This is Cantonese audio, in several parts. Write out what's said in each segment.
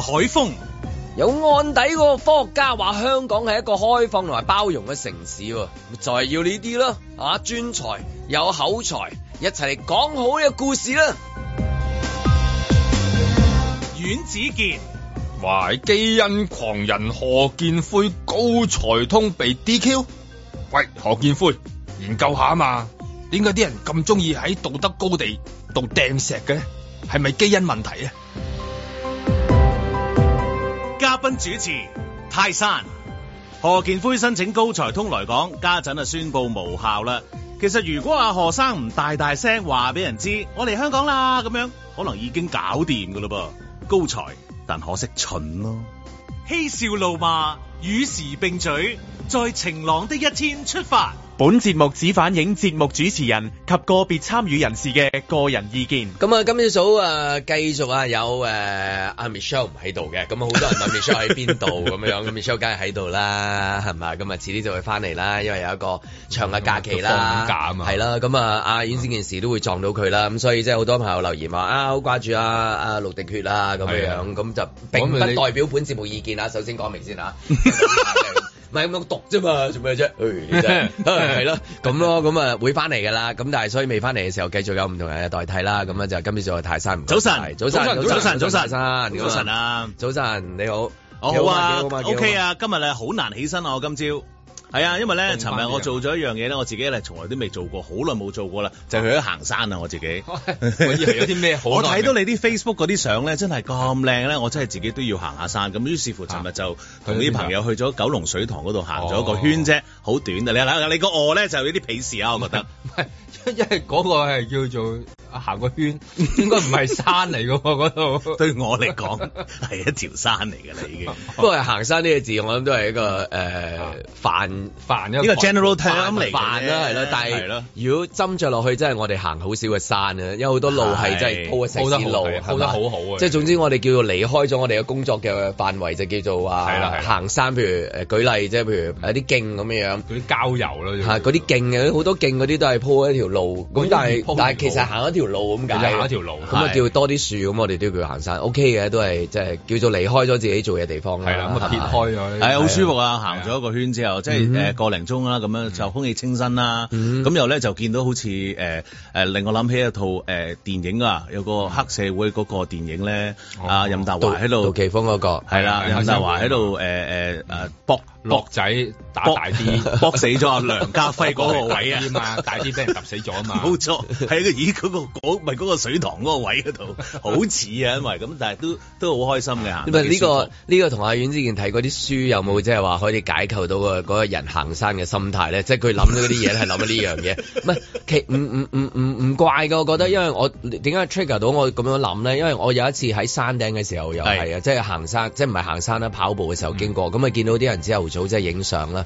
海風有案底嗰個科學家話香港係一個開放同埋包容嘅城市，就係要呢啲咯。啊，專才有口才，一齊嚟講好呢個故事啦。阮子健，哇！基因狂人何建輝高才通被 D Q，喂何建輝，研究下啊嘛，點解啲人咁中意喺道德高地度掟石嘅咧？係咪基因問題啊？主持泰山何建輝申請高才通，來講家陣啊，宣布無效啦。其實如果阿何生唔大大聲話俾人知我嚟香港啦咁樣，可能已經搞掂噶啦噃。高才但可惜蠢咯。嬉笑怒罵與時並舉，在晴朗的一天出發。本節目只反映節目主持人及個別參與人士嘅個人意見。咁啊，今朝早啊，繼續啊，有誒阿 Michelle 唔喺度嘅，咁啊，好多人問 Michelle 喺邊度咁樣，咁 Michelle 梗係喺度啦，係咪？咁啊，遲啲就會翻嚟啦，因為有一個長嘅假期啦，係啦，咁啊，阿演先件事都會撞到佢啦，咁所以即係好多朋友留言話啊，好掛住阿阿陸迪血啦，咁樣，咁就並不代表本節目意見啊。首先講明先嚇。唔係咁樣讀啫嘛，做咩啫？係咯，咁咯，咁啊會翻嚟噶啦。咁但係所以未翻嚟嘅時候，繼續有唔同人嘅代替啦。咁樣就今朝早去泰山。早晨，早晨，早晨，早晨，早晨啊！早晨你好，我好啊，OK 啊，今日呢好難起身啊，我今朝。係啊，因為咧，尋日我做咗一樣嘢咧，我自己咧從來都未做過，好耐冇做過啦，啊，就去咗行山啊！我自己，我以為有啲咩？ 我睇到你啲 Facebook 嗰啲相咧，真係咁靚咧，我真係自己都要行下山。咁於是乎尋日就同、啊、啲朋友去咗九龍水塘嗰度行咗一個圈啫，好短啊！你啊，啊你個餓咧就有啲鄙視啊，我覺得，唔係，因為嗰個係叫做。行個圈 應該唔係山嚟嘅喎，嗰度 對我嚟講係一條山嚟嘅啦已經。不過 行山呢個字，我諗都係一個誒泛泛一個。呢、呃、 個 general term 嚟嘅，泛啦係啦。但係如果斟酌落去，真係我哋行好少嘅山啊，因為有好多路係真係鋪咗成條路，鋪得好鋪得好好啊。即係總之，我哋叫做離開咗我哋嘅工作嘅範圍，就叫做話行山。譬如誒，舉例啫，譬如有啲徑咁樣樣，嗰啲郊遊啦，嗰啲徑嘅，好、啊、多徑嗰啲都係鋪、嗯、鋪一條路。咁但係但係其實行條路咁解，下一條路，咁啊叫多啲樹，咁我哋都要叫行山，OK 嘅，都係即係叫做離開咗自己做嘢地方啦。係啦，咁啊撇開咗，係啊，好舒服啊！行咗一個圈之後，即係誒個零鐘啦，咁樣就空氣清新啦、啊，咁、嗯、又後咧就見到好似誒誒令我諗起一套誒、呃、電影啊，有個黑社會嗰個電影咧、啊，阿、哦啊、任達華喺度、哦，杜琪峰嗰個係啦，任達華喺度誒誒誒搏。博仔打大啲，博死咗阿梁家輝嗰個位啊！大啲俾人揼死咗啊 了嘛！冇 錯，喺、那個咦嗰個嗰咪嗰個水塘嗰個位嗰度，好似啊，因為咁，但係都都好開心嘅。呢、嗯這個呢、這個同阿遠之前睇嗰啲書有冇即係話可以解構到個嗰個人行山嘅心態咧？即係佢諗到嗰啲嘢係諗到呢樣嘢。唔 係， 其唔唔唔唔唔怪嘅，我覺得，因為我點解 trigger 到我咁樣諗咧？因為我有一次喺山頂嘅時候又係啊，即係、就是、行山，即係唔係行山啦，就是、跑步嘅時候經過，咁、嗯、啊見到啲人之後。組即係影相啦，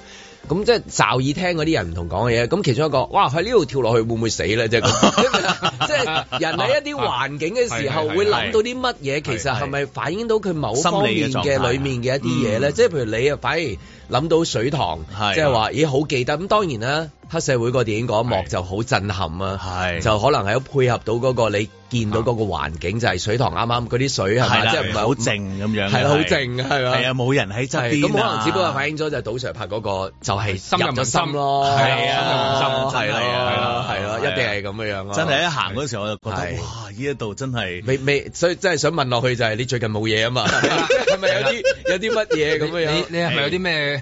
咁即係驟耳聽嗰啲人唔同講嘅嘢，咁其中一個哇！喺呢度跳落去會唔會死咧？即係即係人喺一啲環境嘅時候會諗到啲乜嘢？其實係咪反映到佢某方面嘅裏面嘅一啲嘢咧？即係譬如你啊，反而。諗到水塘，即係話咦好記得咁。當然啦，黑社會個電影嗰一幕就好震撼啊，是就可能係配合到嗰、那個你見到嗰個環境就係、是、水塘啱啱嗰啲水係嘛，即係唔係好靜咁樣，係好靜係啊，冇人喺側邊啊嘛。咁可能只不過反映咗就係杜 Sir 拍嗰個就係深入咗心咯，係啊，深入咗心係啦，係啦，一定係咁嘅樣啦。真係一行嗰時候我就覺得哇！呢一度真係未未，所以真係想問落去就係你最近冇嘢啊嘛？係咪有啲有啲乜嘢咁嘅樣？你係咪有啲咩？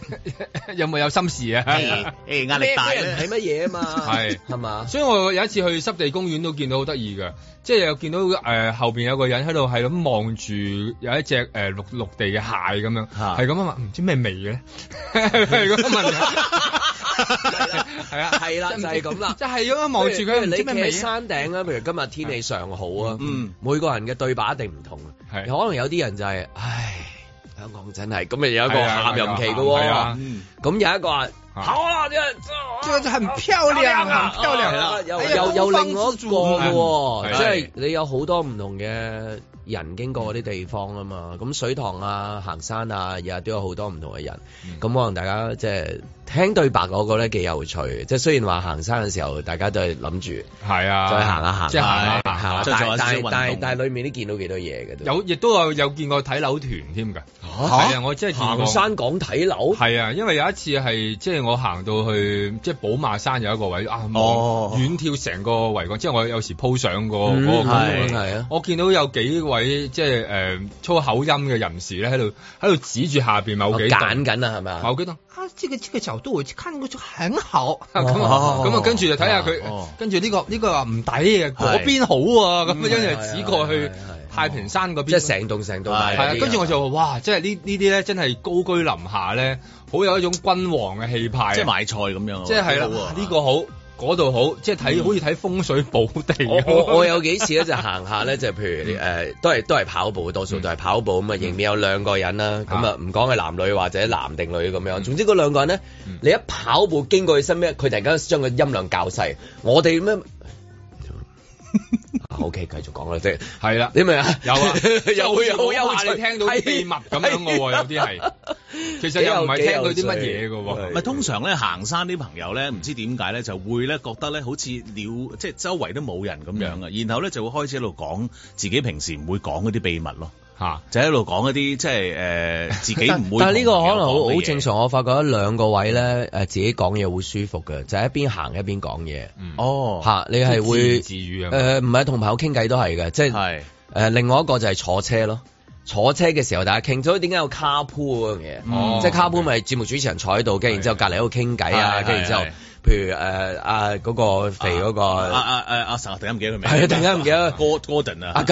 有冇有，有心事啊？誒、哎哎、壓力大咧，睇乜嘢啊嘛？係係嘛？所以我有一次去濕地公園都見到好得意嘅，即係又見到誒、呃、後邊有個人喺度係咁望住有一隻誒綠綠地嘅蟹咁樣，係咁啊嘛，唔知咩味嘅咧？係咁問。係 啊，係啦、啊啊，就係咁啦，即係咁樣望住佢。你咪山頂啊？譬如今日天氣尚好啊。嗯，嗯，每個人嘅對白一定唔同，係可能有啲人就係、是、唉。香港真係咁，又有一個下任期嘅，咁、啊啊啊嗯、有一個好啦呢個呢個真係唔漂亮、啊，唔、啊、漂亮、啊。係、啊、啦，又又、啊哎、另一個即係、嗯啊就是、你有好多唔同嘅人經過嗰啲地方啊嘛。咁水塘啊、行山啊，日日都有好多唔同嘅人。咁、嗯、可能大家即係。就是聽對白我個咧幾有趣，即係雖然話行山嘅時候，大家都係諗住係啊，再行下行下行下，但但但係但係裡面都見到幾多嘢嘅，有亦都有有見過睇樓團添㗎，係啊，啊！我即係行山講睇樓，係啊！因為有一次係即係我行到去即係寶馬山有一個位、哦、啊，遠眺成個維港，即係我有時鋪相個嗰個，我見到有幾位即係誒粗口音嘅人士咧喺度喺度指住下邊某幾棟，揀緊啦，係咪某幾棟都會睇下佢，跟住呢、哦呢個呢、呢個話唔抵，嗰邊好啊。咁，因、嗯、就指過去太平山嗰邊，即係成棟成棟啊，跟住我就話：哇！即係呢呢啲咧，真係高居臨下咧，好有一種君王嘅氣派，即係買菜咁樣，即係呢個好。嗰度好，即係睇好似睇風水寶地咁。我我有幾次咧，就行下咧， 就譬如誒、呃、都係都係跑步，多數都係跑步咁、嗯嗯、啊。迎面有兩個人啦，咁啊唔講係男女或者男定女咁樣。總之嗰兩個人咧、嗯，你一跑步經過佢身邊，佢突然間將個音量校細，我哋咩？ o、okay, k 繼續講啦。即係係啦，點咩啊？ 有啊，有啲好優雅， 你聽到秘密咁樣嘅、啊、喎， 有啲係，其實又唔係聽到啲乜嘢嘅喎。咪 通常咧行山啲朋友咧，唔知點解咧就會咧覺得咧好似了，即係周圍都冇人咁樣啊， 然後咧就會開始喺度講自己平時唔會講嗰啲秘密咯。嚇、啊，就喺度講一啲即係誒自己唔會。但係呢個可能好正常，我發覺一兩個位呢、呃，自己講嘢會舒服㗎。就係、是、一邊行一邊講嘢。哦、嗯啊，你係會自唔係同朋友傾偈都係嘅，即、就、係、是呃、另外一個就係坐車囉。坐車嘅時候大家傾，所點解有卡 a 嗰樣嘢、嗯嗯？即係卡 a 咪節目主持人坐喺度，跟住然之後隔離喺度傾偈啊，跟住然後之後。譬如誒阿嗰個肥嗰、那個啊啊誒阿成，突然間唔記得佢名。係突然間唔記得、啊。Gordon 啊，啊，啊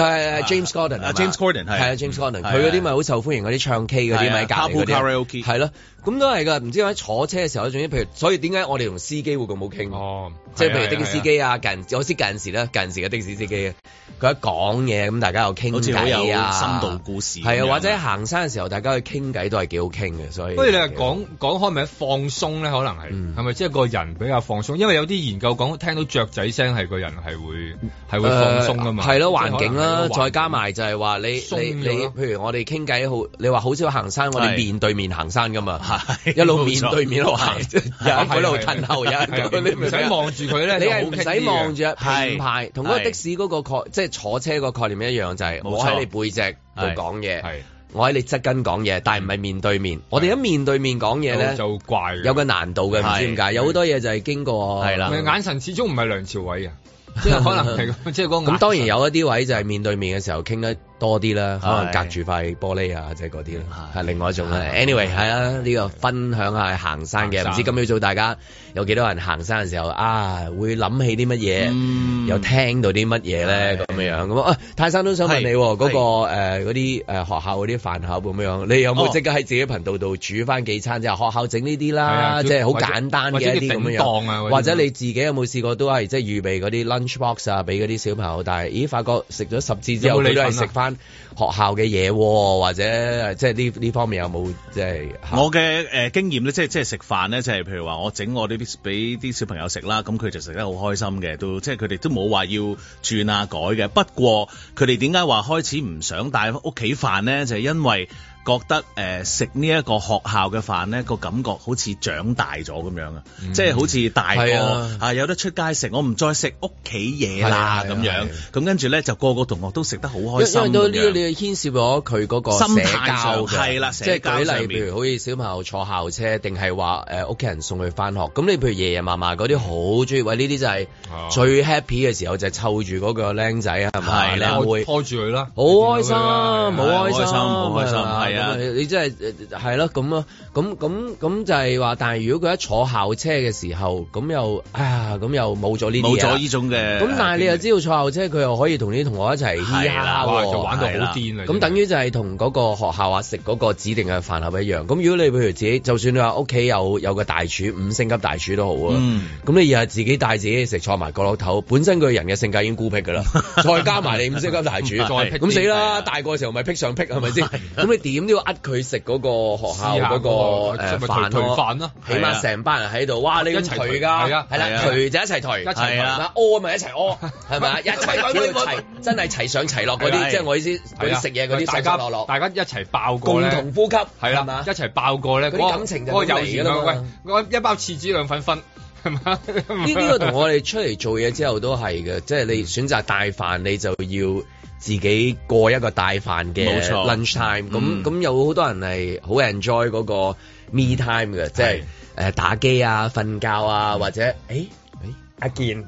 ，James Gordon 啊，是是，James Gordon 係啊，啊，James Gordon 啊。佢嗰啲咪好受歡迎嗰啲、啊、唱 K 嗰啲咪隔離嗰啲。咯、啊，咁、啊啊啊卡拉 OK 啊、都係噶、啊。唔知喺坐車嘅時候，仲有譬如，所以點解我哋同司機會咁好傾？哦，即、就、係、是、譬如的士，啊啊啊啊、的，的，的士司機啊，近我知近時啦，近時嘅的士司機啊。佢一講嘢咁，大家又傾偈啊，深度故事係啊，或者行山嘅時候，大家去傾偈都係幾好傾嘅。所以不如你話講講開，咪放鬆咧？可能係係咪即係個人比較放鬆？因為有啲研究講聽到雀仔聲係個人係會係會放鬆㗎嘛。係、呃、咯、啊，環境啦、啊啊，再加埋就係話你你你，你，譬如我哋傾偈好，你話好少行山，我哋面對面行山㗎嘛，一路面對面路行，一路褪後一路唔使望住佢咧，你係唔使望住，係同嗰個的士個即坐車個概念一樣，就係、是，我喺你背脊度講嘢，我喺你側跟講嘢，但係唔係面對面。我哋一面對面講嘢咧，就怪，有個難度嘅，唔知點解。有好多嘢就係經過，係啦。眼神始終唔係梁朝偉啊， 即係可能係、嗰個，即係咁當然有一啲位就係面對面嘅時候傾咧。多啲啦，可能隔住塊玻璃啊，即係嗰啲啦，係另外一種啦。Anyway，係啦，呢個分享下行山嘅，唔知今朝早大家有幾多人行山嘅時候啊，會諗起啲乜嘢，又聽到啲乜嘢咧咁樣樣咁啊？泰生都想問你嗰個嗰啲誒學校嗰啲飯盒咁樣樣，你有冇即刻喺自己頻道度煮翻幾餐之後？學校整呢啲啦，即係好簡單嘅一啲咁樣或者你自己有冇試過都係即係預備嗰啲 lunch box 啊，俾嗰啲小朋友帶？咦，發覺食咗十次之後，你都係食翻。學校嘅嘢，或者即係呢呢方面有冇即係？我嘅誒、呃、經驗咧，即係即係食飯咧，即係譬如話我整我呢啲俾啲小朋友食啦，咁佢就食得好開心嘅，都即係佢哋都冇話要轉啊改嘅。不過佢哋點解話開始唔想帶屋企飯咧？就係、是、因為。覺得誒食呢一個學校嘅飯咧，這個感覺好似長大咗咁樣，嗯、啊，即係好似大個啊，有得出街食，我唔再食屋企嘢啦咁樣。咁跟住咧就個個同學都食得好開心。因為都呢，你牽涉咗佢嗰個社交，係啦，啊，社交上面。例如好似小朋友坐校車，定係話誒屋企人送佢翻學。咁你譬如爺爺嫲嫲嗰啲好中意，喂，呢啲就係最 happy 嘅時候。啊，就係湊住嗰個僆仔係咪？係，啊啊，你會拖住佢啦，好開心。好，啊，開心。好，啊，開心，嗯、你真係係咯，咁、嗯、咯，咁咁咁就係話，但係如果佢一坐校車嘅時候，咁又哎呀，咁、嗯、又冇咗呢啲冇咗呢種嘅。咁、嗯、但係你又知道坐校車，佢又可以同啲同學一齊嘻哈，就玩到好癲啊！咁等於就係同嗰個學校啊，食嗰個指定嘅飯盒一樣。咁如果你譬如自己，就算你話屋企有有個大廚，五星級大廚都好啊。咁、嗯、你又係自己帶自己食，坐埋角落頭，本身佢人嘅性格已經孤僻噶啦， 再加埋你五星級大廚，咁死啦！大個嘅時候咪僻上僻係咪先？咁 你點？都要呃佢食嗰個學校嗰個誒飯、那個啊、腿腿飯咯、啊，起碼成班人喺度、啊，哇！你一齊攤㗎，係啦、啊，攤、啊啊、就一齊攤，係啦，屙咪一齊屙，係咪一齊攤真係齊上齊落嗰啲，即係、啊就是、我意思嗰、啊、食嘢嗰啲，大家落落，大家一齊爆過，共同呼吸，係啦、啊，一齊爆過咧，嗰啲感情就喂，一包廁紙兩份分，呢呢個同我哋出嚟做嘢之後都係嘅，即係你選擇帶飯，你就要。自己過一個帶飯嘅 lunch time，咁咁有好多人係好 enjoy 嗰個 me time 嘅，即、嗯、係、就是、打機啊、瞓覺啊，嗯、或者咦，誒阿健，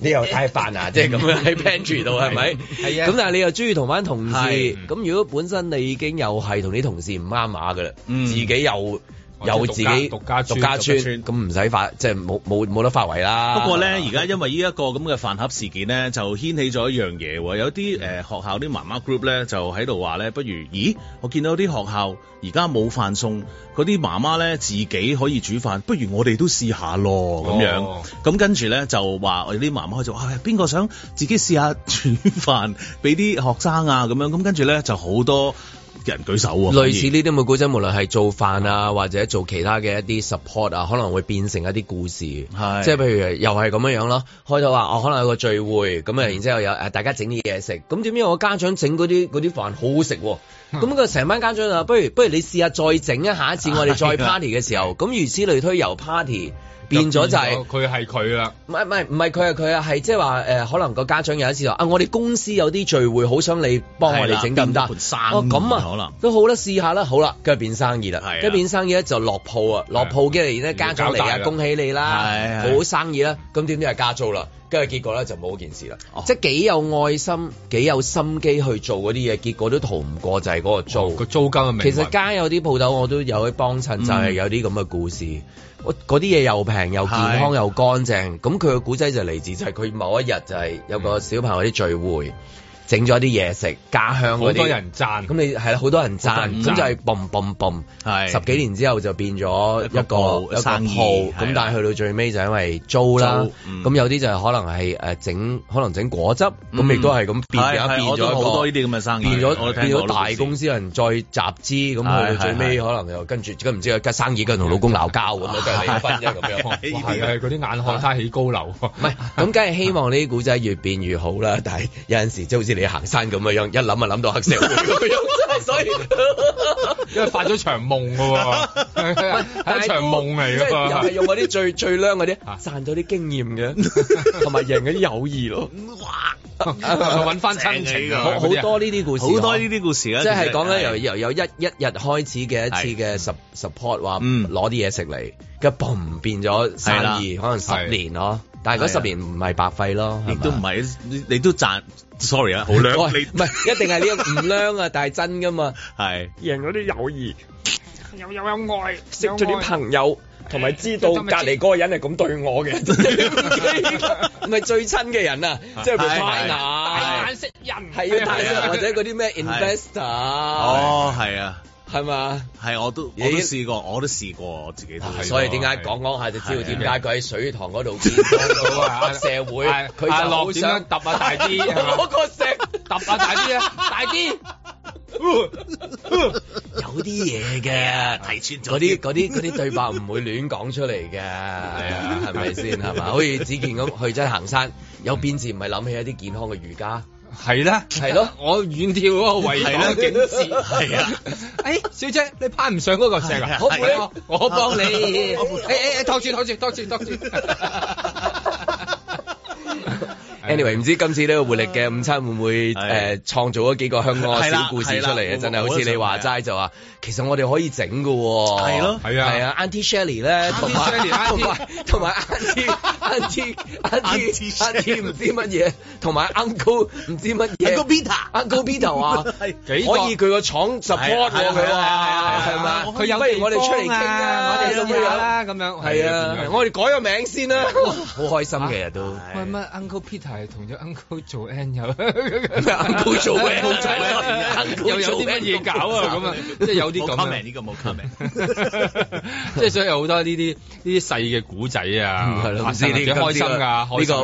你又帶飯啊，即係咁樣喺 pantry 度係咪？係 啊 bantry 上，咁 是吧 但係你又中意同班同事，咁、嗯、如果本身你已經又係同啲同事唔啱碼㗎啦，自己又。又自己獨家獨家村咁唔使發，即係冇冇冇得發圍啦。不過咧，而家因為呢一個咁嘅飯盒事件咧，就掀起咗一樣嘢。有啲誒、呃、學校啲媽媽 group 咧，就喺度話咧，不如，咦？我見到啲學校而家冇飯送，嗰啲媽媽咧自己可以煮飯，不如我哋都試下咯咁樣。咁、哦哦哦哦、跟住咧就話我哋啲媽媽就話，邊個想自己試下煮飯俾啲學生啊咁樣。咁跟住咧就好多。人舉手、啊、類似呢啲咁嘅故仔，無論係做飯啊，或者做其他嘅一啲 support 啊，可能會變成一啲故事，係即係譬如又係咁樣囉，咯，開頭話哦，可能有個聚會咁啊、嗯，然之後有大家整啲嘢食，咁點知我家長、啊嗯、整嗰啲嗰啲飯好好食喎，咁佢成班家長啊，不如不如你試下再整一下一次，我哋再 party 嘅時候，咁如此類推由 party。變咗就係佢係佢啦，唔係唔係唔係佢係佢啊，係即係話誒，可能個家長有一次話啊，我哋公司有啲聚會，好想你幫我哋整咁得，生意哦咁啊可能，都好啦，試下啦，好啦，跟住變生意啦，係，跟住變生意咧，就落鋪啊，落鋪嘅嚟，呢家長嚟啊，恭喜你啦，好生意啦，咁點知係加租啦，跟住結果咧就冇件事啦、哦，即係幾有愛心、幾有心機去做嗰啲嘢，結果都逃唔過就係嗰個租個、哦、租金其實街有啲鋪頭我都有去幫襯、嗯，就係、是、有啲咁嘅故事。我嗰啲嘢又平又健康又乾淨，咁佢嘅古仔就嚟自就係佢某一日就係有個小朋友啲聚會。整咗啲嘢食，家鄉好多人贊，咁你係啦，好多人贊，咁就係 boom boom boom，係十幾年之後就變咗一個一,一個鋪，咁但係去到最尾就因為租啦，咁、嗯、有啲就係可能係誒整，可能整果汁，咁亦都係咁變咗好多呢啲咁嘅生意變咗，變咗變咗大公司有人再集資，咁去到最尾可能又跟住，而家唔知啊，生意跟同老公鬧交咁，跟住離婚啫咁樣，呢啲係嗰啲眼看他起高樓，唔係，咁梗係希望呢啲古仔越變越好啦，但係有陣時即好似。你行山咁嘅樣，一諗啊諗到黑社會，所 以因為發咗場夢嘅，係一場夢嚟嘅，又係、就是就是、用嗰啲最 最靚嗰啲賺咗啲經驗嘅，同埋贏嗰啲友誼咯， 哇，搵翻親情，好、啊、多呢啲故事，好多呢啲故事，即係講緊由由有一一日開始嘅一次嘅 support，話攞啲嘢食嚟，咁嘣變咗生意，可能十年咯。但係嗰十年唔係白費咯，亦、啊、都唔係你都賺。Sorry 啊，好靚，唔係一定係呢、呢個唔靚 啊，但係真㗎嘛。係贏咗啲友誼，又 又有，有，有愛，識咗啲朋友，同埋知道隔離嗰個人係咁對我嘅，唔 係 最親嘅人啊，即係大眼大眼識人，係要大眼、啊、或者嗰啲咩 investor 係係。哦，係啊。係嘛？係我都我都、欸、我都試過，我都試過我自己都係。所以點解講講下就知道點解佢喺水塘嗰度見到啊。社會，佢 就、啊啊啊他就啊啊、大一點樣揼下大啲？攞個石揼下大啲啊！大啲、嗯！有啲嘢嘅提穿咗，嗰啲啲啲對白唔會亂講出嚟嘅，係啊，係咪先係嘛？好似子健咁去咗行山，有邊次唔係諗起一啲健康嘅瑜伽。係啦，係咯，我遠眺嗰個維港景致，係啊。誒、哎，小姐，你攀唔上嗰個石啊？好、哎，我我幫你。誒誒誒，托住，托住，托住，托住。 anyway，唔知今次呢個活力嘅午餐會唔會誒創、呃、造咗幾個香港小故事出嚟啊？真係好似你話齋就話。其實我哋可以整㗎喎，係咯，係啊，係啊，Auntie Shirley 咧，同埋同埋同埋 Auntie Auntie Auntie Auntie 唔知乜嘢，同埋 Uncle 唔知乜嘢，Uncle Peter，Uncle Peter 啊，可以佢個廠 support 佢啊，係嘛？佢有不如我哋出嚟傾啊，我哋都得啦咁樣。係啊，我哋改個名先啦。好開心嘅都。咁啊，Uncle Peter 係同咗 Uncle 做 N 友，Uncle 做咩啊？Uncle 又有啲乜嘢搞啊？咁啊，即係有。冇 comment，呢個冇 comment。即係所以有好多呢啲呢啲細嘅古仔啊，係 咯，唔開心啊。呢個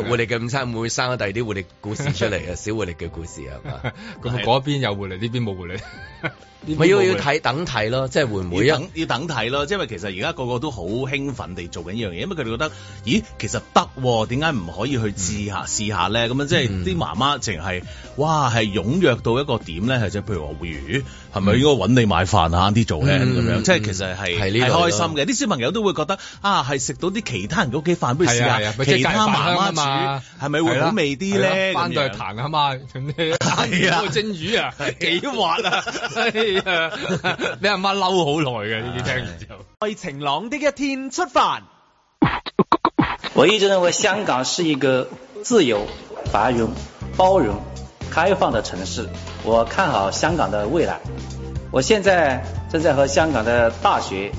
活力嘅午餐會唔會生咗第二啲活力故事出嚟啊？小活力嘅故事係嘛？咁嗰邊有活力，呢邊冇活力。 咪要要睇等睇咯，即係會唔會啊？要等睇咯，即係其實而家個個都好興奮地做緊依樣嘢，因為佢哋覺得，咦，其實得，點解唔可以去試一下、嗯、試一下咧？咁樣即係啲媽媽淨、就、係、是，哇，係踴躍到一個點咧，係即譬如話鱈魚，係咪應該揾你買飯啊？啲做咧？咁樣即係、就是、其實係係、嗯、開心嘅，啲小朋友都會覺得啊，係食到啲其他人屋企飯，不如試下、啊啊、其他媽媽，媽、啊、煮，係咪會好味啲咧？翻對、啊啊、彈啊嘛，係啊，蒸魚啊，幾、啊啊、滑啊！ 俾阿媽嬲好耐嘅，呢啲聽完之後。在晴朗的一天出發。我一直認為香港是一個自由、繁榮、包容、開放的城市，我看好香港的未來。我現在正在和香港的大學、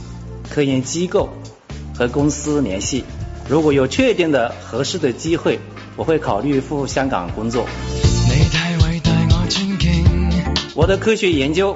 科研機構和公司聯繫，如果有確定的合適的機會，我會考慮赴香港工作。你太偉大，我尊敬。我的科學研究。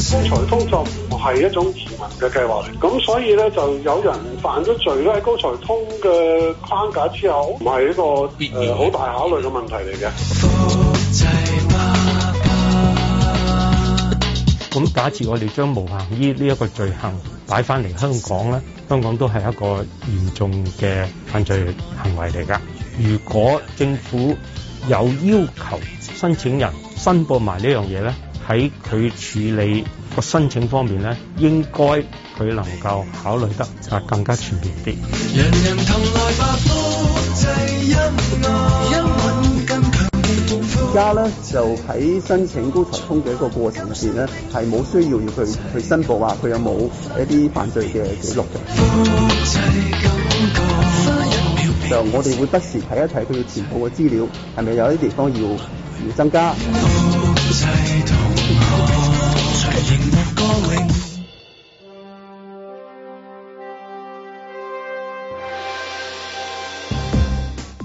高才通就唔係一種移民嘅計劃嚟，咁所以咧，就有人犯咗罪咧喺高才通嘅框架之後，唔係一個個誒好大考慮嘅問題嚟嘅。咁、嗯嗯、假設我哋將無行醫呢一個罪行擺翻嚟香港咧，香港都係一個嚴重嘅犯罪行為嚟噶。如果政府有要求申請人申報埋呢樣嘢咧？喺佢處理個申請方面咧，應該佢能夠考慮得就更加全面啲。而家咧就喺申請高才通嘅一個過程入邊咧，係冇需要要佢去申報話佢有冇一啲犯罪嘅記錄嘅、哦。就我哋會不時睇一睇佢嘅填報嘅資料，係咪有啲地方要要增加？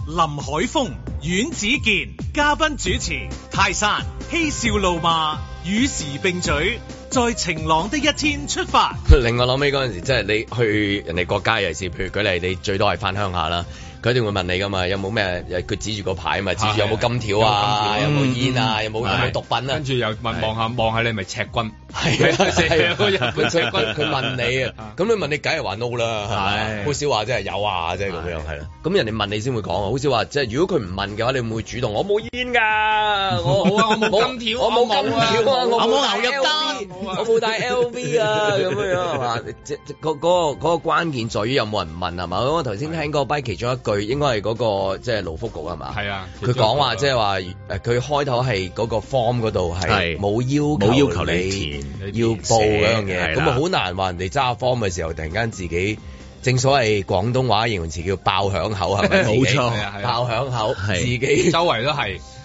林海峰、阮子健嘉賓主持，泰山、嬉笑怒罵，與時並舉，在晴朗的一天出發。另外，諗起嗰陣時，即係你去人哋國家，尤其是譬如舉例，你最多係翻鄉下啦。佢一定會問你噶嘛？有冇咩？佢指住個牌啊嘛，指住有冇金條啊？有冇、啊、煙啊？嗯、有冇毒品啊？跟住又問，望下望下你係咪赤軍，係啊，係、啊啊、赤軍，佢問你啊。咁、啊、你問你梗係話 no 啦，好少話即係有啊，啫、就、咁、是、樣係啦。咁、啊啊啊、人哋問你先會講啊。好少話即係如果佢唔問嘅話，你會唔會主動？我冇煙㗎，我，我好啊，我冇金條我冇金條啊，我冇牛入單，我冇帶 LV 啊咁樣啊。即係嗰嗰個嗰個關鍵在於有冇人問係嘛？咁我頭先聽嗰 by 其中一句。佢應該係嗰、嗰個即係勞福局係嘛？係啊。佢講話即係話，誒、呃、佢開頭係嗰個 form 嗰度係冇要求冇要求你，你填要報嗰樣嘢，咁啊好難話人哋揸 form 嘅時候，突然間自己正所謂廣東話形容詞叫爆響口係咪？冇 錯、啊啊，爆響口、啊，自己周圍都係。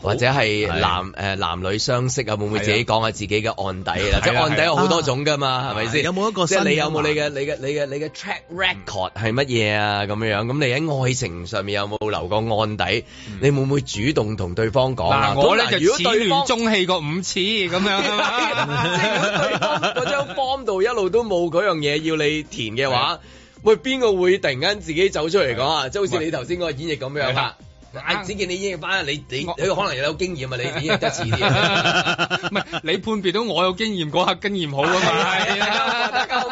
或者係男誒男女相識啊，會唔會自己講下自己嘅案底啊？即係案底有好多種噶嘛，係咪先？有冇一個即係你有冇你嘅、啊、你嘅你嘅你嘅 track record 係乜嘢啊？咁樣樣咁你喺愛情上面有冇留過個案底？你會唔會主動同對方講啊？嗱我咧就如果對聯中戲過五次咁樣啊嘛！張 form 度一路都冇嗰樣嘢要你填嘅話，會邊個會突然間自己走出嚟講啊？即係好似你頭先嗰個演繹咁樣。阿子健，你英班，你你你，你可能有經驗啊，你你得遲啲。唔係 你判別到我有經驗，嗰刻經驗好啊嘛。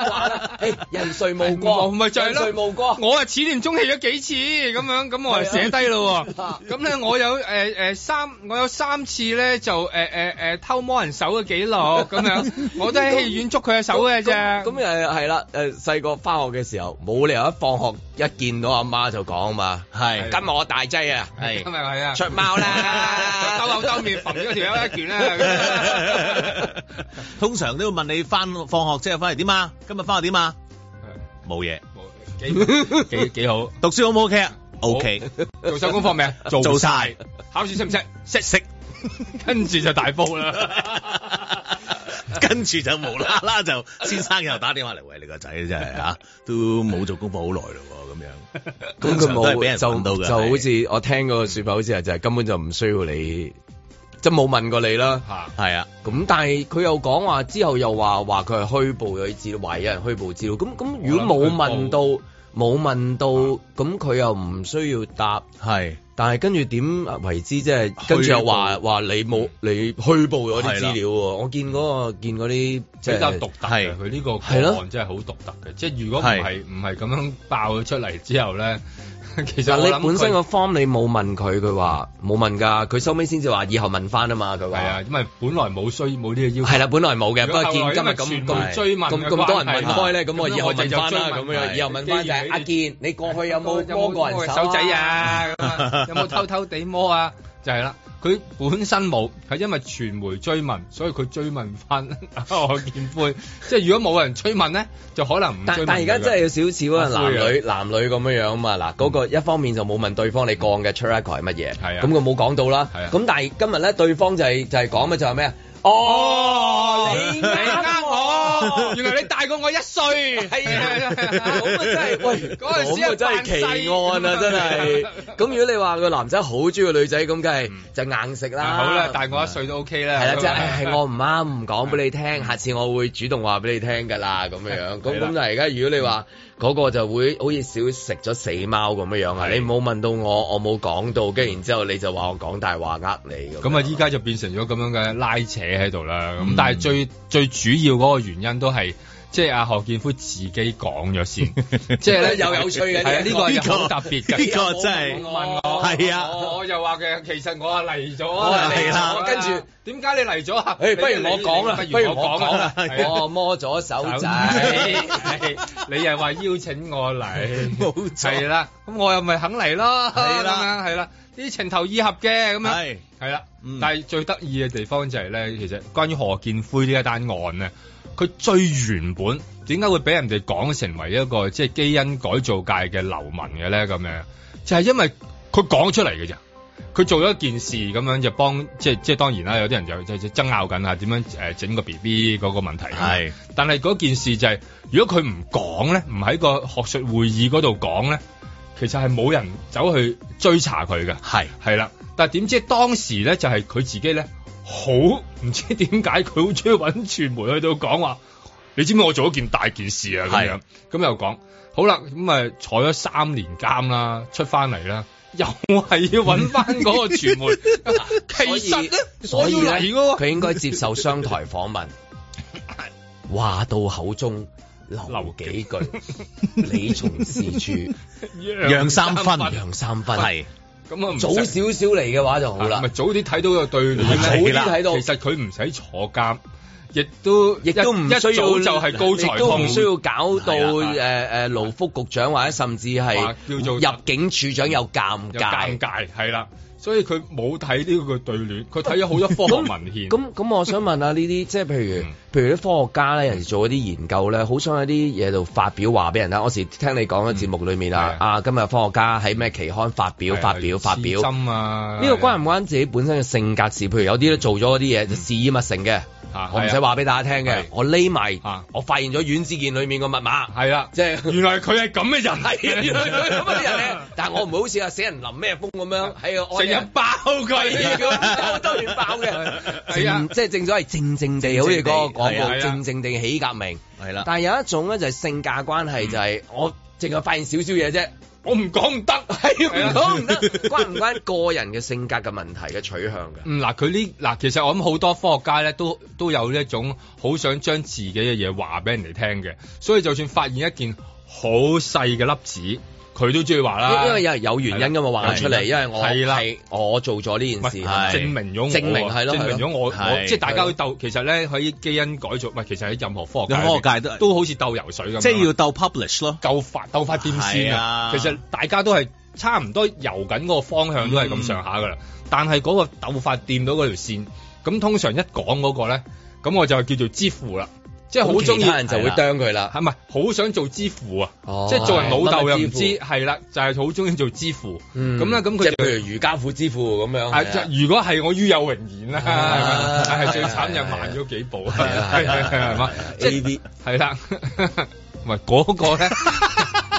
誒，人誰無過，咪就係咯。人誰無過，我啊始亂終棄咗幾次咁樣，咁我啊寫低咯。咁咧，我有誒誒三，我有三次咧就誒誒誒偷摸人手嘅記錄咁樣，我都喺戲院捉佢嘅手嘅啫。咁誒係啦，誒細個翻學嘅時候冇理由一放學一見到阿媽就講啊嘛，係今日我大劑啊，係今日係啊，出貓啦，兜口兜面揼咗條友一拳啦。通常都會問你翻放學之後翻嚟點啊，今日翻嚟點啊？冇嘢，幾幾幾好，讀書好唔好？OK 啊，OK，做手功課未啊？做做晒，考試識唔識？識識， 跟住就大煲啦， 跟住就無啦啦就先生又打電話嚟，喂，你個仔，真係、啊、都冇做功課好耐咯，咁樣，咁佢冇收唔到就就好似我聽過個說法，好似係就係根本就唔需要你。就冇問過你啦，係啊，咁但係佢又講話之後又話話佢係虛報咗啲資料，懷疑有人虛報資料。咁咁如果冇問到冇問到，咁佢又唔需要答。係，但係跟住點為之？即係跟住又話話你冇你虛報咗啲資料。我見嗰個見嗰啲、就是、比較獨特嘅，佢呢個個案真係好獨特嘅。即係如果唔係唔係咁樣爆佢出嚟之後咧。 其實你本身個 form 你冇問佢，佢話冇問㗎，佢收尾先至話以後問翻啊嘛，佢話係啊，因為本來冇需冇呢個要求，係 啦，本來冇嘅。不過見今日咁咁追問咁咁多人問開咧，咁我就以後問翻啦、啊，咁樣，以後問翻就係阿健，你過去有冇摸過人手仔啊？ 有冇偷偷地摸啊？就係、是、啦，佢本身冇，係因為傳媒追問，所以佢追問翻何建鋒。 即係如果冇人追問咧，就可能唔追問，但但而家真係有少少，嗰個男女、啊、男女咁樣樣嘛？嗱，嗰個一方面就冇問對方你講嘅 track 係乜嘢，係、嗯、啊，咁佢冇講到啦。咁、啊、但係今日咧，對方就係、是、就係講嘅就係咩啊？嗯哦，你唔係呃我， 原來你大過我一歲，係 啊、哎呀，咁 啊真係，喂，嗰陣時真係奇案啊， 真係的。咁 如果你話個男仔好中意個女仔，咁梗係就硬食啦、嗯。好啦，大我一歲都 OK 啦。係 啦，即係、係 哎、我唔啱，唔講俾你聽，下次我會主動話俾你聽㗎啦。咁樣，咁咁但係而家如果你話。嗯嗰、那個就會好似少食咗死貓咁樣樣，啊！你唔好問到我，我冇講到，跟然之後你就話我講大話呃你咁啊！依、嗯、家就，就變成咗咁樣嘅拉扯喺度啦。咁、嗯、但係最最主要嗰個原因都係。即係阿何建輝自己講咗先 呢，即係咧又有趣嘅，係啊呢個好、這個、特別，呢、這個哎這個真係。我問我係啊我我，啊我又話嘅，其實我,我啊嚟咗、欸、我嚟啦，跟住點解你嚟咗、啊？不如我講啦、啊，不如我講啦。我、啊、摸咗手仔，啊 啊、你你又話邀請我嚟，係啦、啊啊，咁我又咪肯嚟咯，係啦係啦，啲、啊、情投意合嘅咁樣，係係啦。但係最得意嘅地方就係咧，其實關於何建輝呢一單案咧。佢最原本點解會俾人哋講成為一個即係基因改造界嘅流民嘅咧？咁樣就係、係、因為佢講出嚟嘅啫。佢做咗一件事咁樣就幫即係即係當然啦，有啲人就即係爭拗緊啊點樣誒整個 B B 嗰個問題。但係嗰件事就係、係、如果佢唔講咧，唔喺個學術會議嗰度講咧，其實係冇人走去追查佢嘅。係係啦，但係點知當時咧就係、係、佢自己咧。好，唔知點解佢好中意揾傳媒去度講話，你知唔知我做咗件大件事啊？咁樣咁又講，好啦咁 啊，坐咗三年監啦，出翻嚟啦，又係要揾翻嗰個傳媒。其實所以佢、啊、應該接受商台訪問。 話到口中留幾句，你從 事處讓三分，讓三分係。咁啊，早少少嚟嘅話就好啦。唔係早啲睇到個對聯咩？早啲睇到，其實佢唔使坐監，亦都亦都唔一早就係高才，都唔需要搞到誒誒勞福局長或者甚至係叫做入境處長有尷尬。尷尬係啦。所以佢冇睇呢個對聯，佢睇咗好多科學文獻。咁 咁，咁咁我想問下呢啲，即係譬如、嗯、譬如啲科學家咧，有時做一啲研究咧，好想喺啲嘢度發表話俾人啦。我時聽你講喺節目裡面啊，啊，今日科學家喺咩期刊發表、啊、發表發表針啊？呢、啊呢個關唔關自己本身嘅性格事？譬如有啲咧做咗啲嘢，是已物性嘅，我唔使話俾大家聽嘅、啊，我匿埋、啊，我發現咗《阮志健裏面個密碼，係啦、啊，即係原來佢係咁嘅人，原來佢係咁嘅人咧。 是啊是人啊、 但係我唔會好似啊死人臨咩風咁樣喺 包佢！ 嘢，我都亂爆嘅。係啊，即係、就是、正所謂靜靜地，好似嗰個廣告靜靜地起革命。係啦，但係有一種咧就係性格關係，就係、是、我淨係發現少少嘢啫，我唔講唔得，係唔講唔得，不不 關唔關個人嘅性格嘅問題嘅取向嘅？嗯，嗱，佢呢嗱，其實我諗好多科學家咧都都有呢一種好想將自己嘅嘢話俾人哋聽嘅，所以就算發現一件好細嘅粒子。佢都中意話啦，因為有係有原因噶嘛，話出嚟，因為我係我做咗呢件事，證明咗，證明係咯，證明咗我，我我我即係大家去鬥。其實咧喺基因改造，唔係其實喺任何科學界，任何界都都好似鬥游水咁，即、就、係、係、要鬥 publish 咯，發鬥發鬥發點線啊！其實大家都係差唔多游緊嗰個方向都係咁上下噶啦，但係嗰個鬥發掂到嗰條線，咁通常一講嗰個咧，咁我就叫做支付啦。即係好中意，人就會啄佢啦。係咪？好想做支付啊！哦、即係做人老豆又唔知，係啦，就係好中意做支付。咁、嗯、咧，咁佢就譬如如家父支付咁樣。係，如果係我於有榮焉啦，係最慘又慢咗幾步。係係係，即係係啦，唔係嗰 個咧呢，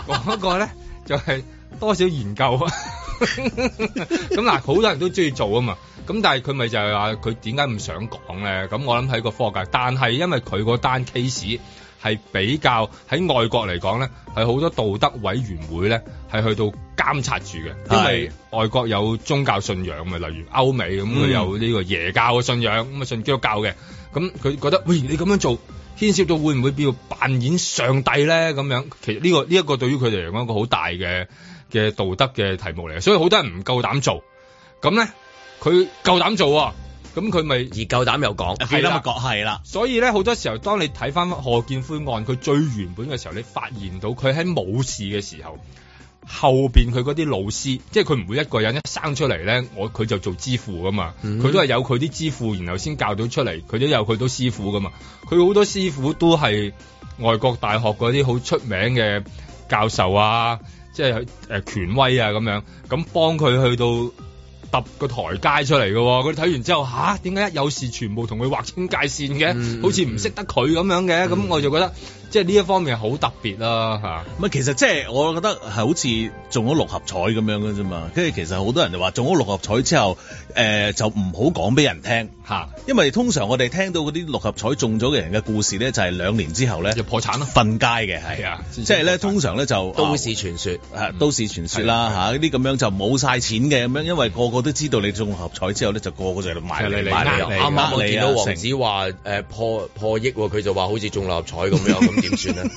嗰 個咧就係多少研究啊。咁 嗱，好多人都中意做啊嘛。咁但係佢咪就係話佢點解唔想講咧？咁我諗係個科學界，但係因為佢個單 case 係比較喺外國嚟講咧，係好多道德委員會咧係去到監察住嘅，因為外國有宗教信仰嘅，例如歐美咁佢有呢個耶教嘅信仰咁啊，信基督教嘅，咁佢覺得喂你咁樣做牽涉到會唔會變到扮演上帝咧？咁樣其實呢個呢一個對於佢哋嚟講一個好大嘅嘅道德嘅題目嚟嘅，所以好多人唔夠膽做咁咧。佢夠膽做，啊？咁佢咪而夠膽又講係啦嘛，係啦。所以咧，好多時候當你睇翻何建輝案，佢最原本嘅時候，你發現到佢喺冇事嘅時候，後邊佢嗰啲老師，即係佢唔會一個人一生出嚟咧，我佢就做師傅噶嘛，佢、嗯、都係有佢啲師傅然後先教到出嚟，佢都有佢多師傅噶嘛，佢好多師傅都係外國大學嗰啲好出名嘅教授啊，即係誒權威啊咁樣，咁幫佢去到。揼個台階出嚟嘅，佢睇完之後吓，點解一有事全部同佢劃清界線嘅、嗯？好似唔識得佢咁樣嘅，咁、嗯、我就覺得。即係呢一方面好特別啦、啊，嚇！唔係其實即係我覺得係好似中咗六合彩咁樣嘅啫嘛。跟住其實好多人就話中咗六合彩之後，誒、呃、就唔好講俾人聽嚇，因為通常我哋聽到嗰啲六合彩中咗嘅人嘅故事咧，就係、是、兩年之後咧就破產咯、瞓街嘅，係啊，即係咧通常咧就都市傳説、啊、都市傳説啦嚇，嗰啲咁樣就冇晒錢嘅咁樣，因為個個都知道你中了六合彩之後咧，就個個就嚟買你啱啱我見到王子話、啊、誒、呃、破破億，佢就話好似中六合彩咁樣。 點 算啊？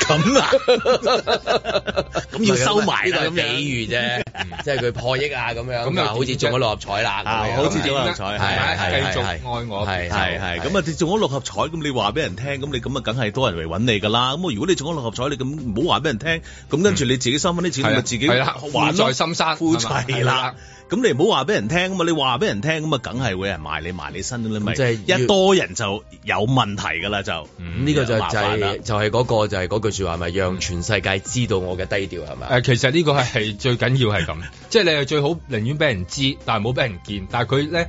咁 啊？咁要收埋啊？咁個比喻啫，即係佢破億啊，咁樣咁啊好似中咗六合彩啦、 嗯，好似中六合彩，係係繼續愛我，係係係，咁啊，你中咗六合彩，咁你話俾人聽，咁你咁啊，梗係多人嚟揾你噶啦。咁啊，如果你中咗六合彩，你咁唔好話俾人聽，咁跟住你自己收翻啲錢，咪自己係啦，華、嗯啊、在心山夫婿啦。嗯咁你唔好話俾人聽啊嘛，你話俾人聽咁啊，梗係會人埋你埋你身啦，即係一多人就有問題噶啦，就咁呢、嗯這個就係就係、是、嗰、就係嗰個就係、是、嗰句說話係咪讓全世界知道我嘅低調係咪？誒，其實呢個係係最緊要係咁，即 係你係最好寧願俾人知，但係冇俾人見，但係佢咧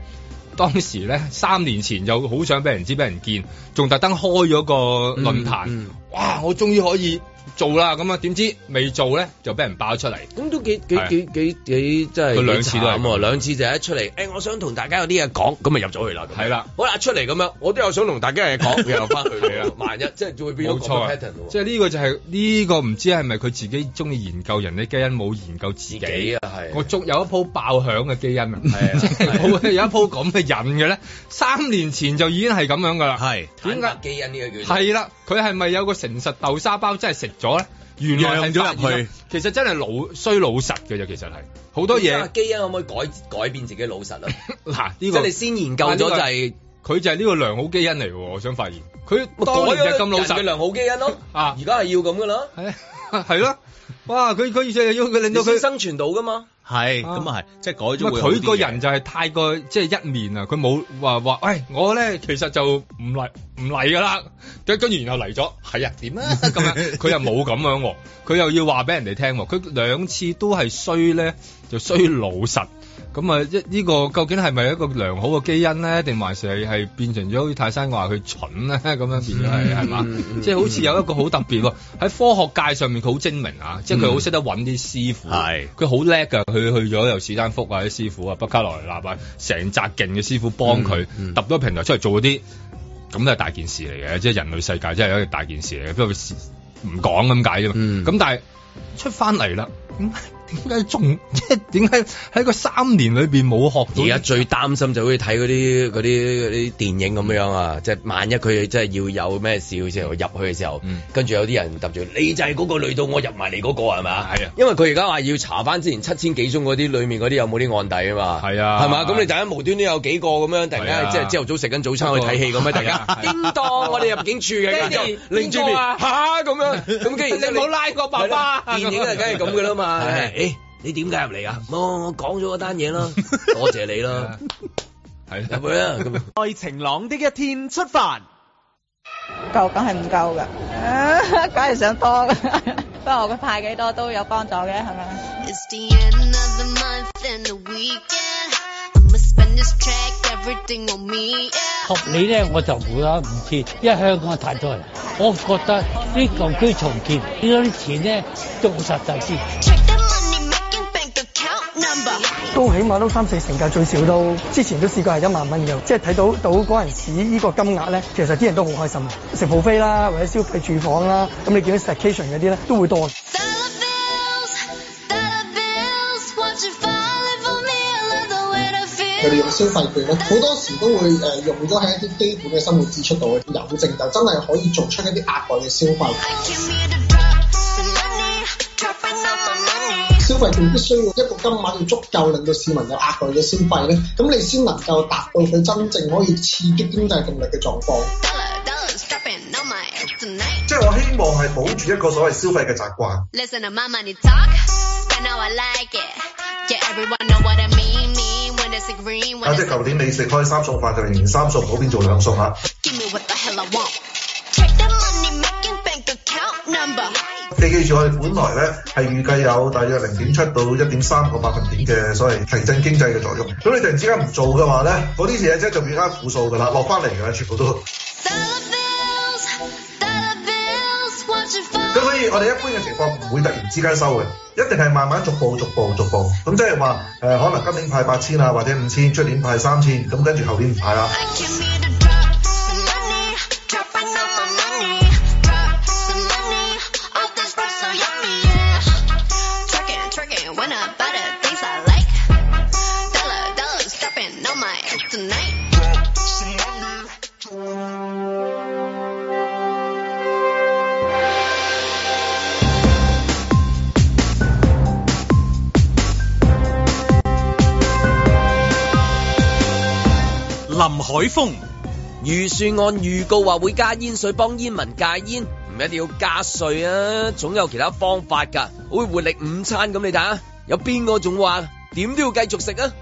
當時咧三年前就好想俾人知俾人見，仲特登開咗個論壇、嗯嗯，哇！我終於可以。做啦咁啊，點知未做咧就俾人爆出嚟，咁都幾幾幾幾幾真係。佢兩次都係，兩次就一出嚟，誒、欸，我想同大家有啲嘢講，咁咪入咗去啦。係啦，好啦，出嚟咁樣，我都有想同大家有嘢講，又 翻去。你啦。萬一 即係會變咗個 pattern 即係呢個就係、是、呢、這個唔知係咪佢自己中意研究人哋基因，冇研究自己，自己啊？係。我中有一鋪爆響嘅基因啊，即係 有一鋪咁嘅人嘅咧。三年前就已經係咁樣噶啦。係。探測基因呢一樣。係啦，佢係咪有個誠實豆沙包？真係誠。咗咧，原用咗入去，其實真係老衰老實嘅啫。其實係好多嘢，基因可唔可以改改變自己老實啊？嗱、 這個，呢個即係你先研究咗就係、是，佢、這個、就係呢個良好基因嚟。我想發現佢改就咁老實嘅良好基因咯。啊，而家係要咁噶啦，係咯，哇！佢佢意思係要佢令到佢生存到噶嘛。係，咁、咪係、啊係，即係改咗佢。佢個人就係太過即係一面啊，佢冇話話，喂，我咧其實就唔嚟唔嚟噶啦，跟跟住然後嚟咗，係啊點啊咁 樣，佢又冇咁樣，佢又要話俾人哋聽，佢兩次都係衰咧，就衰老實。咁啊，一呢個究竟係咪一個良好嘅基因咧，定還是係變變成咗好似泰山話佢蠢咧咁樣變咗係係嘛？即 係是吧 好似有一個好特別喎。喺科學界上面佢好精明啊，即係佢好識得揾啲師傅。係佢好叻㗎，佢去咗由史丹福啲、啊、師傅啊、北卡羅來納啊，成紮勁嘅師傅幫佢揼咗平台出嚟做啲，咁都係大件事嚟嘅。即係人類世界真係一個大件事嚟嘅，不過佢唔講咁解啫嘛。咁、嗯、但係出翻嚟啦，嗯點解仲即係點解喺個三年裏邊冇學到？而家最擔心就好似睇嗰啲嗰啲嗰啲電影咁樣啊！嗯、即係萬一佢真係要有咩事，時候入去嘅時候，跟、嗯、住有啲人揼住，你就係嗰個嚟，到我入埋嚟嗰個係嘛？係啊！因為佢而家話要查翻之前七千幾宗嗰啲裏面嗰啲有冇啲案底啊嘛？係啊，係嘛？咁、嗯、你大家間無端端有幾個咁樣突然間即係朝頭早食緊早餐去睇戲咁啊！突然間、啊、叮當， 我哋入境處嘅，零零個啊吓咁、啊、樣，咁 既然你冇拉個爸爸、啊是啊，電影梗係咁噶啦嘛， 誒，你點解入嚟噶？我我講咗嗰單嘢啦，多謝你啦，係入去啦。在晴朗的一天出發，夠梗係唔夠噶，梗係想多噶。不過我嘅派幾多都有幫助嘅，係咪？合理咧，我就唔諗唔切，因為香港太多人。我覺得啲舊區重建，呢啲錢咧仲實際啲。都起碼都三四成㗎，最少都之前都試過係一萬蚊嘅，即係睇到到嗰陣時呢個金額咧，其實啲人都好開心，食 b 飛啦，或者消費住房啦，咁你見到 s a c a t i o n 嗰啲咧都會多。佢哋用消費券好多時都會用咗喺一啲基本嘅生活支出度，有剩就真係可以做出一啲額外嘅消費。消費券必須要一個金額要足夠令到市民有額外嘅消費咧，咁你先能夠達到佢真正可以刺激經濟動力嘅狀況。即係我希望係保住一個所謂消費嘅習慣。即係舊年你食開三餸飯，就明年三餸嗰邊做兩餸嚇。記記住，我哋本來咧係預計有大約零點七到一點三個百分點嘅所謂提振經濟嘅作用。咁你突然之間唔做嘅話咧，嗰啲嘢即係就變加負數㗎啦，落翻嚟嘅，全部都。咁 所以，我哋一般嘅情況唔會突然之間收嘅，一定係慢慢逐步逐步逐步。咁即係話，誒、呃、可能今年派八千啊，或者五千，出年派三千，咁跟住後年唔派啦。 林海峰，預算案預告話會加煙稅幫煙民戒煙，唔一定要加稅啊，總有其他方法噶。會活力午餐咁，你睇下啊，有邊個仲話點都要繼續食啊？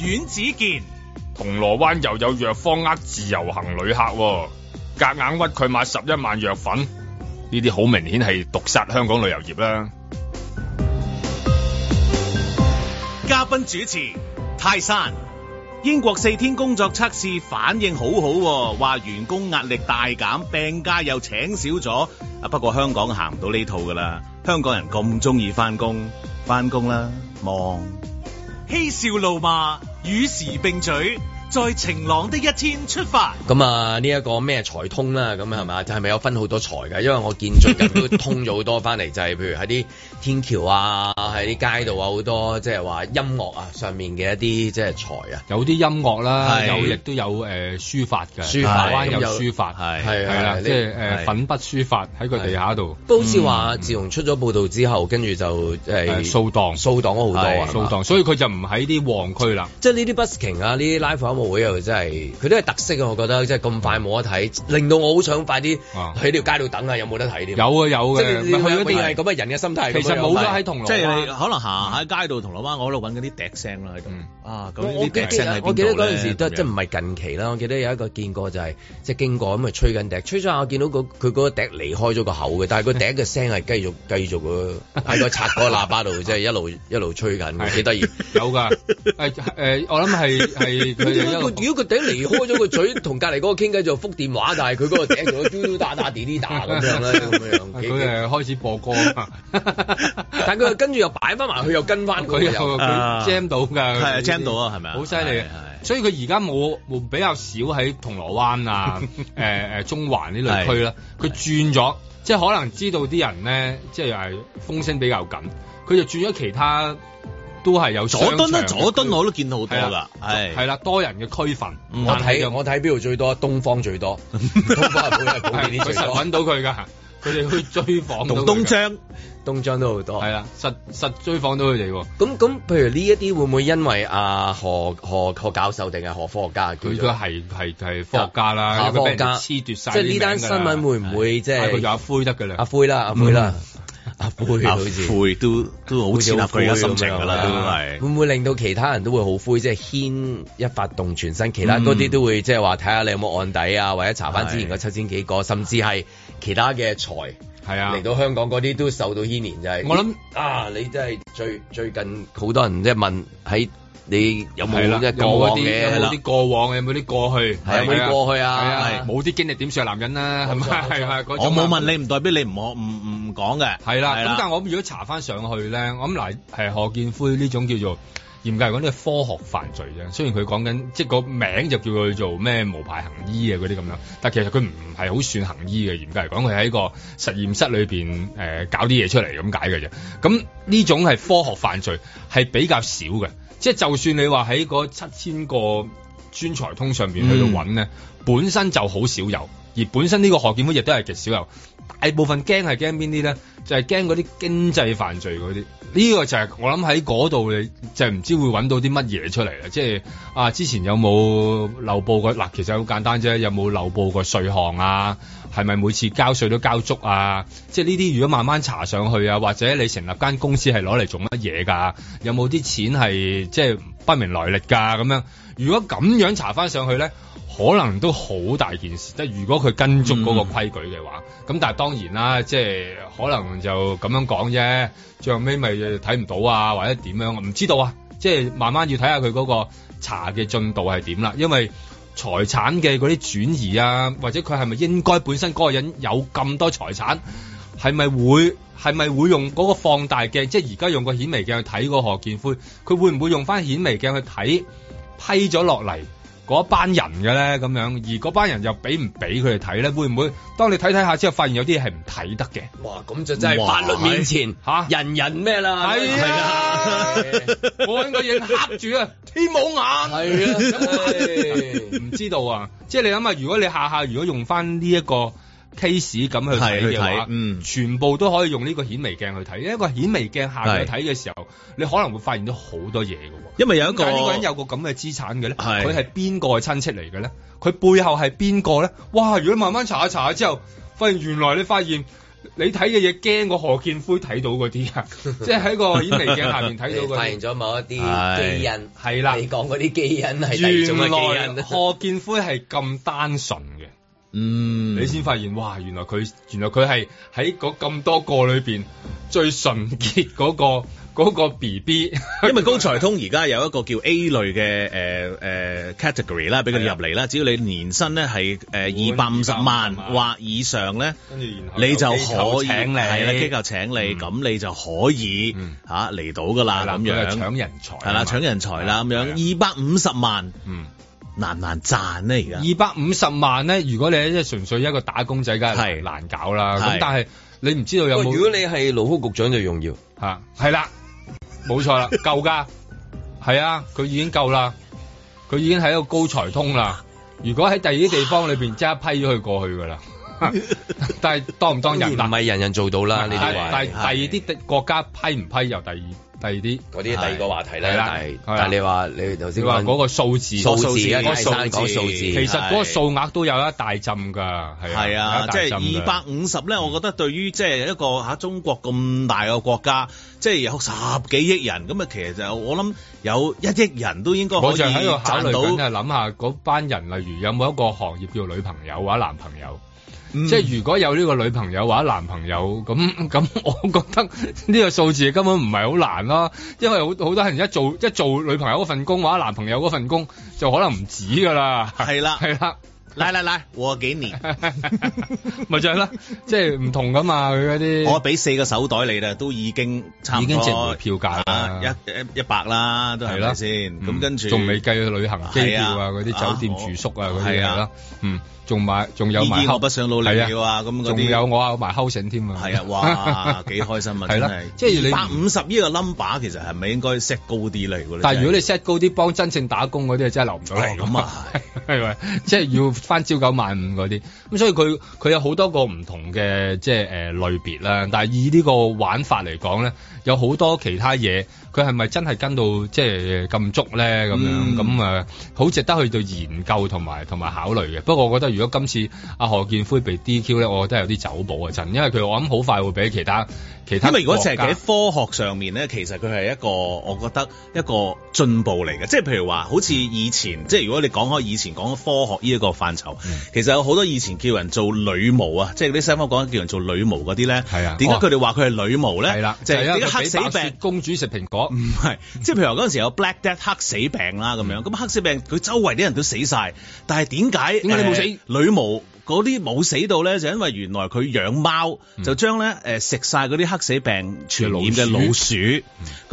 阮子健，銅鑼灣又有藥房呃自由行旅客，夾硬屈佢買十一萬藥粉，呢啲好明顯係毒殺香港旅遊業啦。嘉賓主持。泰山，英國四天工作測試反應好好，啊，話員工壓力大減，病假又請少咗啊。不過香港行唔到呢套㗎啦，香港人咁中意翻工，翻工啦，望嬉笑怒罵，與時並舉。在晴朗的一天出發。咁啊，呢個、咩通呢一個咩財通啦？咁係咪就係咪有分好多財㗎？因為我見最近都通咗好多翻嚟， 就係譬如喺啲天橋啊，喺啲街道啊，好多即係話音樂啊上面嘅一啲即係財啊。有啲音樂啦，有亦都有誒、呃、書法嘅書法、嗯、書法，有書法係係啦，即係誒粉筆書法喺佢地下度。好似話，自從出咗報道之後，嗯嗯、跟住就即係掃蕩掃蕩咗好多啊！掃蕩，所以佢就唔喺啲旺區啦。即係呢啲 busking 啊，呢啲 live、嗯啊會又真係，佢都係特色啊！我覺得，即係咁快冇得睇，令到我好想快啲喺條街度等下、啊，有冇得睇添？有啊有嘅，佢嗰啲係咁嘅人嘅心態。其實冇咗喺銅鑼，即係你可能行喺、嗯、街度，銅鑼灣我嗰度揾嗰啲笛聲啦喺度啊，咁我記得嗰陣時都、嗯、即唔係近期啦。我記得有一個見過就係即係經過咁啊、就是就是、吹緊笛，吹咗下我見到佢嗰個笛離開咗個口嘅，但係個笛嘅聲係繼續繼續喺個拆嗰個喇叭度，即 係一路一路吹緊，幾得意。有噶，誒我諗係係如果佢頂離開咗個嘴，同隔籬嗰個傾偈就覆電話，但係佢嗰個頂做嘟嘟打打、滴滴打咁樣咧，咁樣佢誒開始播歌，但佢跟住又擺翻埋，佢又跟翻佢又佢 jam 到㗎，係、uh, 啊、uh, yeah，jam 到啊，係咪好犀利？所以佢而家冇，比較少喺銅鑼灣啊、誒 誒、啊、中環呢類區啦，佢轉咗，即係、就是、可能知道啲人咧，即係誒風聲比較緊，佢就轉咗其他。都係有佐敦啦，佐敦我都見到好多啦，係係啦，多人嘅區分。嗯、我睇我睇邊度最多？東方最多， 東方係保係保底最多，搵到佢噶，佢哋去追訪到東張東張都好多，係啦，實實追訪到佢哋。咁咁，譬如呢一啲會唔會因為阿、啊、何何何教授定係何科學家、啊？佢都係係係科學家啦，科、啊、學家黐、啊、奪曬。即係呢單新聞會唔會即係？阿灰得嘅啦，阿灰啦，阿灰啦。阿灰，阿、啊、灰都都好似阿灰咁情嘅啦，都係、啊、會唔會令到其他人都會好灰？即係牽一髮動全身，其他嗰啲都會。即係話睇下你有冇案底啊，或者查翻之前嗰七千幾個，甚至係其他嘅財係啊，嚟到香港嗰啲都受到牽連。就係、是。我諗啊，你真係最最近好多人即係問喺。你有冇啲過啲有冇啲過往嘅？有冇啲過，過去？有冇過去啊！冇啲經歷點算係男人啦？係咪係係？我冇問你，唔代表你唔我唔唔講嘅係啦。咁但係我如果查翻上去咧，我諗嗱係何建輝呢種叫做嚴格嚟講呢係科學犯罪啫。雖然佢講緊即係個名就叫佢做咩無牌行醫啊嗰啲咁樣，但其實佢唔係好算行醫嘅。嚴格嚟講，佢喺個實驗室裏邊誒搞啲嘢出嚟咁解嘅啫。咁呢種係科學犯罪係比較少嘅。即係就算你話喺嗰七千個專才通上邊去度揾咧，嗯、本身就好少有，而本身呢個何建鋒亦都係極少有。大部分驚係驚邊啲咧？就係驚嗰啲經濟犯罪嗰啲。呢個就係我諗喺嗰度，你就唔知會揾到啲乜嘢出嚟啦。即係啊，之前有冇漏報過嗱？其實好簡單啫，有冇漏報過稅項啊？係咪每次交稅都交足啊？即係呢啲如果慢慢查上去啊，或者你成立間公司係攞嚟做乜嘢㗎？有冇啲錢係即係不明來歷㗎咁樣？如果咁樣查翻上去咧？可能都好大件事，即係如果佢跟足嗰個規矩嘅話，咁、嗯、但係當然啦，即係可能就咁樣講啫。最後尾咪睇唔到啊，或者點樣啊，唔知道啊，即係慢慢要睇下佢嗰個查嘅進度係點啦。因為財產嘅嗰啲轉移啊，或者佢係咪應該本身個人有咁多財產，係咪會係咪會用嗰個放大鏡，即係而家用個顯微鏡去睇個何建輝，佢會唔會用翻顯微鏡去睇批咗落嚟？嗰一班人嘅咧咁樣，而嗰班人又俾唔俾佢哋睇咧？會唔會？當你睇睇下之後，發現有啲嘢係唔睇得嘅。哇！咁就真係法律面前嚇、啊，人人咩啦？係啊，我呢個嘢擸住啊， 天冇眼。係啊，唔 知道啊。即係你諗下，如果你下下如果用翻呢一個。case 咁去睇嘅話，嗯，全部都可以用呢個顯微鏡去睇，因為個顯微鏡下面去睇嘅時候，你可能會發現到好多嘢喎！因為有一個呢個人有個咁嘅資產嘅咧，佢係邊個嘅親戚嚟嘅咧？佢背後係邊個咧？哇！如果你慢慢查一查之後，發現原來你發現你睇嘅嘢驚過何建輝睇到嗰啲啊，即係喺個顯微鏡下面睇到嘅，發現咗某一啲基因係啦。你講嗰啲基因係，原來何建輝係咁單純嘅。嗯，你先發現哇！原來佢原來佢係喺嗰咁多個裏面最純潔嗰、嗰個嗰、嗰個、B B， 因為高才通而家有一個叫 A 類嘅誒、呃呃、category 啦，俾佢哋入嚟啦、啊。只要你年薪咧係誒二百五十萬或以上咧，跟住然後你就可以，係啦機構請你，咁你就可以吓嚟、啊嗯嗯啊、到噶啦咁樣，搶人才係啦、啊，搶人才啦咁樣，二百五十萬嗯。難唔難賺咧，而家二百五十萬咧，如果你係即係純粹一個打工仔梗係難搞啦。咁但係你唔知道有冇？如果你係勞福局長就重要吓，係啦，冇錯啦，夠噶，係啊，佢、 啊、已經夠啦，佢已經係一個高才通啦。如果喺第二啲地方裏邊，即刻批咗佢過去噶啦。 但係當唔當人唔係人人做到啦呢啲話，但係第二啲國家批唔批又第二第二啲嗰啲第二個話題咧，啦，但係你話你頭先話嗰個數字，數字啊，嗰個數字，其實嗰個數額都有一大浸噶，係啊，即係二百五十咧，我覺得對於即係一個吓中國咁大個國家，即係有十幾億人咁啊，其實就我諗有一億人都應該，我就喺度考慮緊諗下嗰班人，例如有冇一個行業叫女朋友或者男朋友？嗯、即係如果有呢個女朋友或者男朋友咁咁，我覺得呢個數字根本唔係好難咯、啊、因為好好多人一做一做女朋友嗰份工或者男朋友嗰份工就可能唔止噶啦。係啦，係啦，嚟嚟嚟，我幾年咪 就係啦，即係唔同噶嘛佢嗰啲。我俾四個手袋你啦，都已經差唔多已經值回票價啦、啊，一一百啦都係咪先？咁、嗯、跟住仲未計去旅行機票啊、嗰啲、啊啊、酒店住宿啊嗰啲係咯、嗯。仲埋仲有埋，以後不想努力嘅話，咁 n 仲有我埋添啊，係啊，哇 幾開心啊！真係、啊，即係你百五十呢個 number 其實係咪應該 set 高啲咧？但係如果你 set 高啲，幫真正打工嗰啲真係留唔到嚟。咁啊係，咪即係要翻朝九晚五嗰啲？咁所以佢佢有好多個唔同嘅即係誒類別啦。但係以呢個玩法嚟講咧，有好多其他嘢。佢係咪真係跟到即係咁足咧？咁樣咁誒，好、嗯、值得去到研究同埋同埋考慮嘅。不過我覺得如果今次阿、啊、何建輝被 DQ 咧，我覺得有啲走寶嘅陣，因為佢我諗好快會俾其他。因為如果淨係喺科學上面咧，其實佢係一個我覺得一個進步嚟嘅，即係譬如話，好似以前，嗯、即係如果你講開以前講科學呢一個範疇，嗯、其實有好多以前叫人做女巫啊，即係啲西方講叫人做女巫嗰啲咧，係啊，點解佢哋話佢係女巫咧？係啦、啊，即係啲黑死病，公主食蘋果唔係，即係譬如話嗰陣時有 Black Death 黑死病啦、啊、咁樣，咁、嗯、黑死病佢周圍啲人都死晒，但係點解點解你冇死、呃？女巫。嗰啲冇死到咧，就因為原來佢養貓，就將咧食晒嗰啲黑死病傳染嘅老鼠，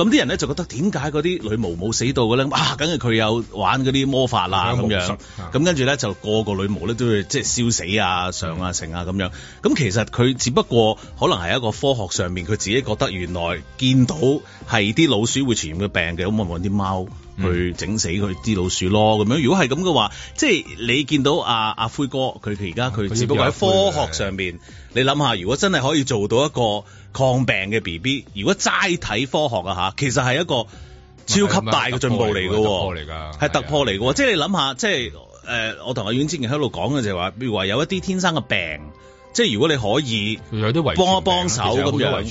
咁啲人咧就覺得點解嗰啲女巫冇死到嘅咧？哇、啊，梗係佢有玩嗰啲魔法啦咁、嗯、樣咁、嗯嗯、跟住咧就個個女巫咧都會即係燒死啊、上啊、成啊咁樣。咁、嗯、其實佢只不過可能係一個科學上面，佢自己覺得原來見到係啲老鼠會傳染嘅病嘅，咁我問啲貓。去、嗯、整死佢啲老鼠咯咁樣。如果係咁嘅話，即係你見到阿、啊、阿、啊、灰哥，佢而家佢只不過喺科學上面。你諗下，如果真係可以做到一個抗病嘅 B B，如果齋睇科學啊吓，其實係一個超級大嘅進步嚟嘅喎，係突破嚟嘅喎。即係你諗下，即係誒、呃，我同阿婉之前喺度講嘅就係話，譬如話有一啲天生嘅病。即係如果你可以幫一幫手咁樣，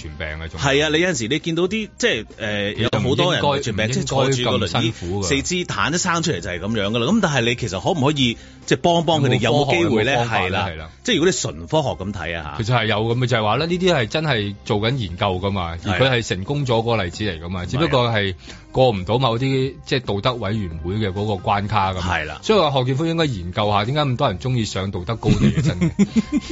係啊！你有陣時你見到啲即係誒有好多人遺傳病，傳病即係坐住個輪椅四肢癱都生出嚟就係咁樣噶啦。咁但係你其實可唔可以即係幫幫幫佢哋有冇機會咧？係啦，即係如果你純科學咁睇啊，其實佢就係有咁啊！就係話咧，呢啲係真係做緊研究噶嘛，而佢係成功咗個例子嚟噶嘛，只不過係。過唔到某啲即係道德委員會嘅嗰個關卡咁，係啦，所以話何建鋒應該研究下點解咁多人中意上道德高峰嘅，即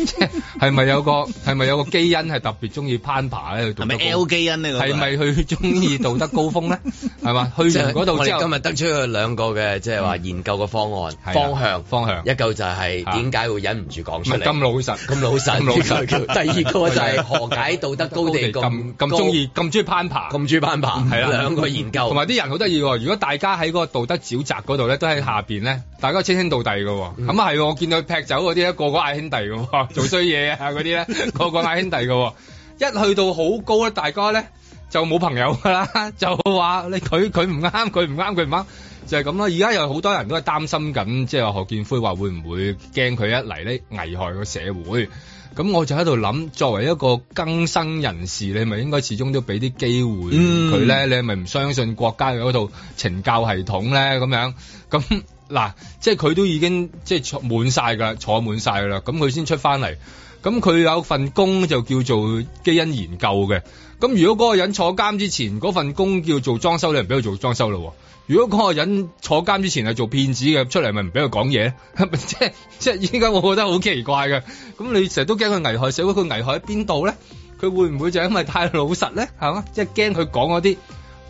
係係咪有個係咪有個基因係特別中意攀爬咧？係咪 L 基因呢個？係咪佢中意道德高峰咧？係嘛？去完嗰度之後，今日得出佢兩個嘅即係話研究嘅方案方向方向。一嚿就係點解會忍唔住講出嚟咁老實咁老實咁老實。第二個就係何解道德高地咁咁中意咁中意攀爬咁中意攀爬？係啦，兩個研究。同埋啲人好得意，如果大家喺嗰個道德沼澤嗰度咧，都喺下邊咧，大家清兄道弟嘅、哦，咁啊係，我、哦、見到劈酒嗰啲咧，個個嗌兄弟嘅、哦，做衰嘢啊嗰啲咧， 個個嗌兄弟嘅、哦，一去到好高咧，大家咧就冇朋友噶啦，就話你佢佢唔啱，佢唔啱，佢唔啱，就係、是、咁啦。而家有好多人都係擔心緊，即係何建輝話會唔會驚佢一嚟咧危害個社會。咁我就喺度諗，作為一個更生人士，你咪應該始終都俾啲機會佢咧、嗯？你係咪唔相信國家嘅嗰套懲教系統咧？咁樣咁。嗱，即係佢都已經即係坐滿晒㗎，坐滿晒㗎啦，咁佢先出翻嚟。咁佢有份工就叫做基因研究嘅。咁如果嗰個人坐監之前嗰份工叫做裝修，你唔俾佢做裝修咯。如果嗰個人坐監之前係做騙子嘅，出嚟咪唔俾佢講嘢？ 即係即係依家我覺得好奇怪嘅。咁你成日都驚佢危害社會，佢危害喺邊度咧？佢會唔會就因為太老實咧？係嘛，即係驚佢講嗰啲。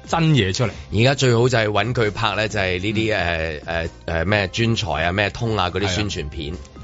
真嘢出嚟，而家最好就係揾佢拍咧，就係呢啲誒誒誒咩專才啊、咩通啊嗰啲宣傳片。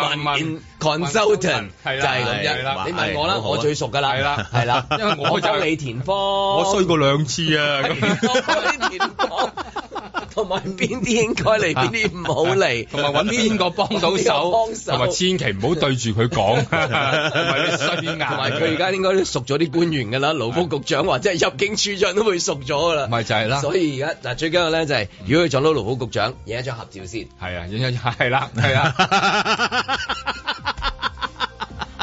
問 in consultant 係啦，就係咁樣啦。你問我啦、哎，我最熟噶啦，係啦，係啦， 因為我就李田芳， 我衰過兩次啊，李 田芳，李田芳。同埋邊啲應該嚟，邊啲唔好嚟。同埋揾邊個幫到手，同埋千祈唔好對住佢講，唔係衰硬。佢而家應該都熟咗啲官員㗎啦，勞工局長或者入境處長都會熟咗㗎啦。咪就係、是、啦。所以而家嗱，最緊要咧就係，如果佢撞到勞保局長，影一張合照先。係啊，影一張係啦，係啦、啊。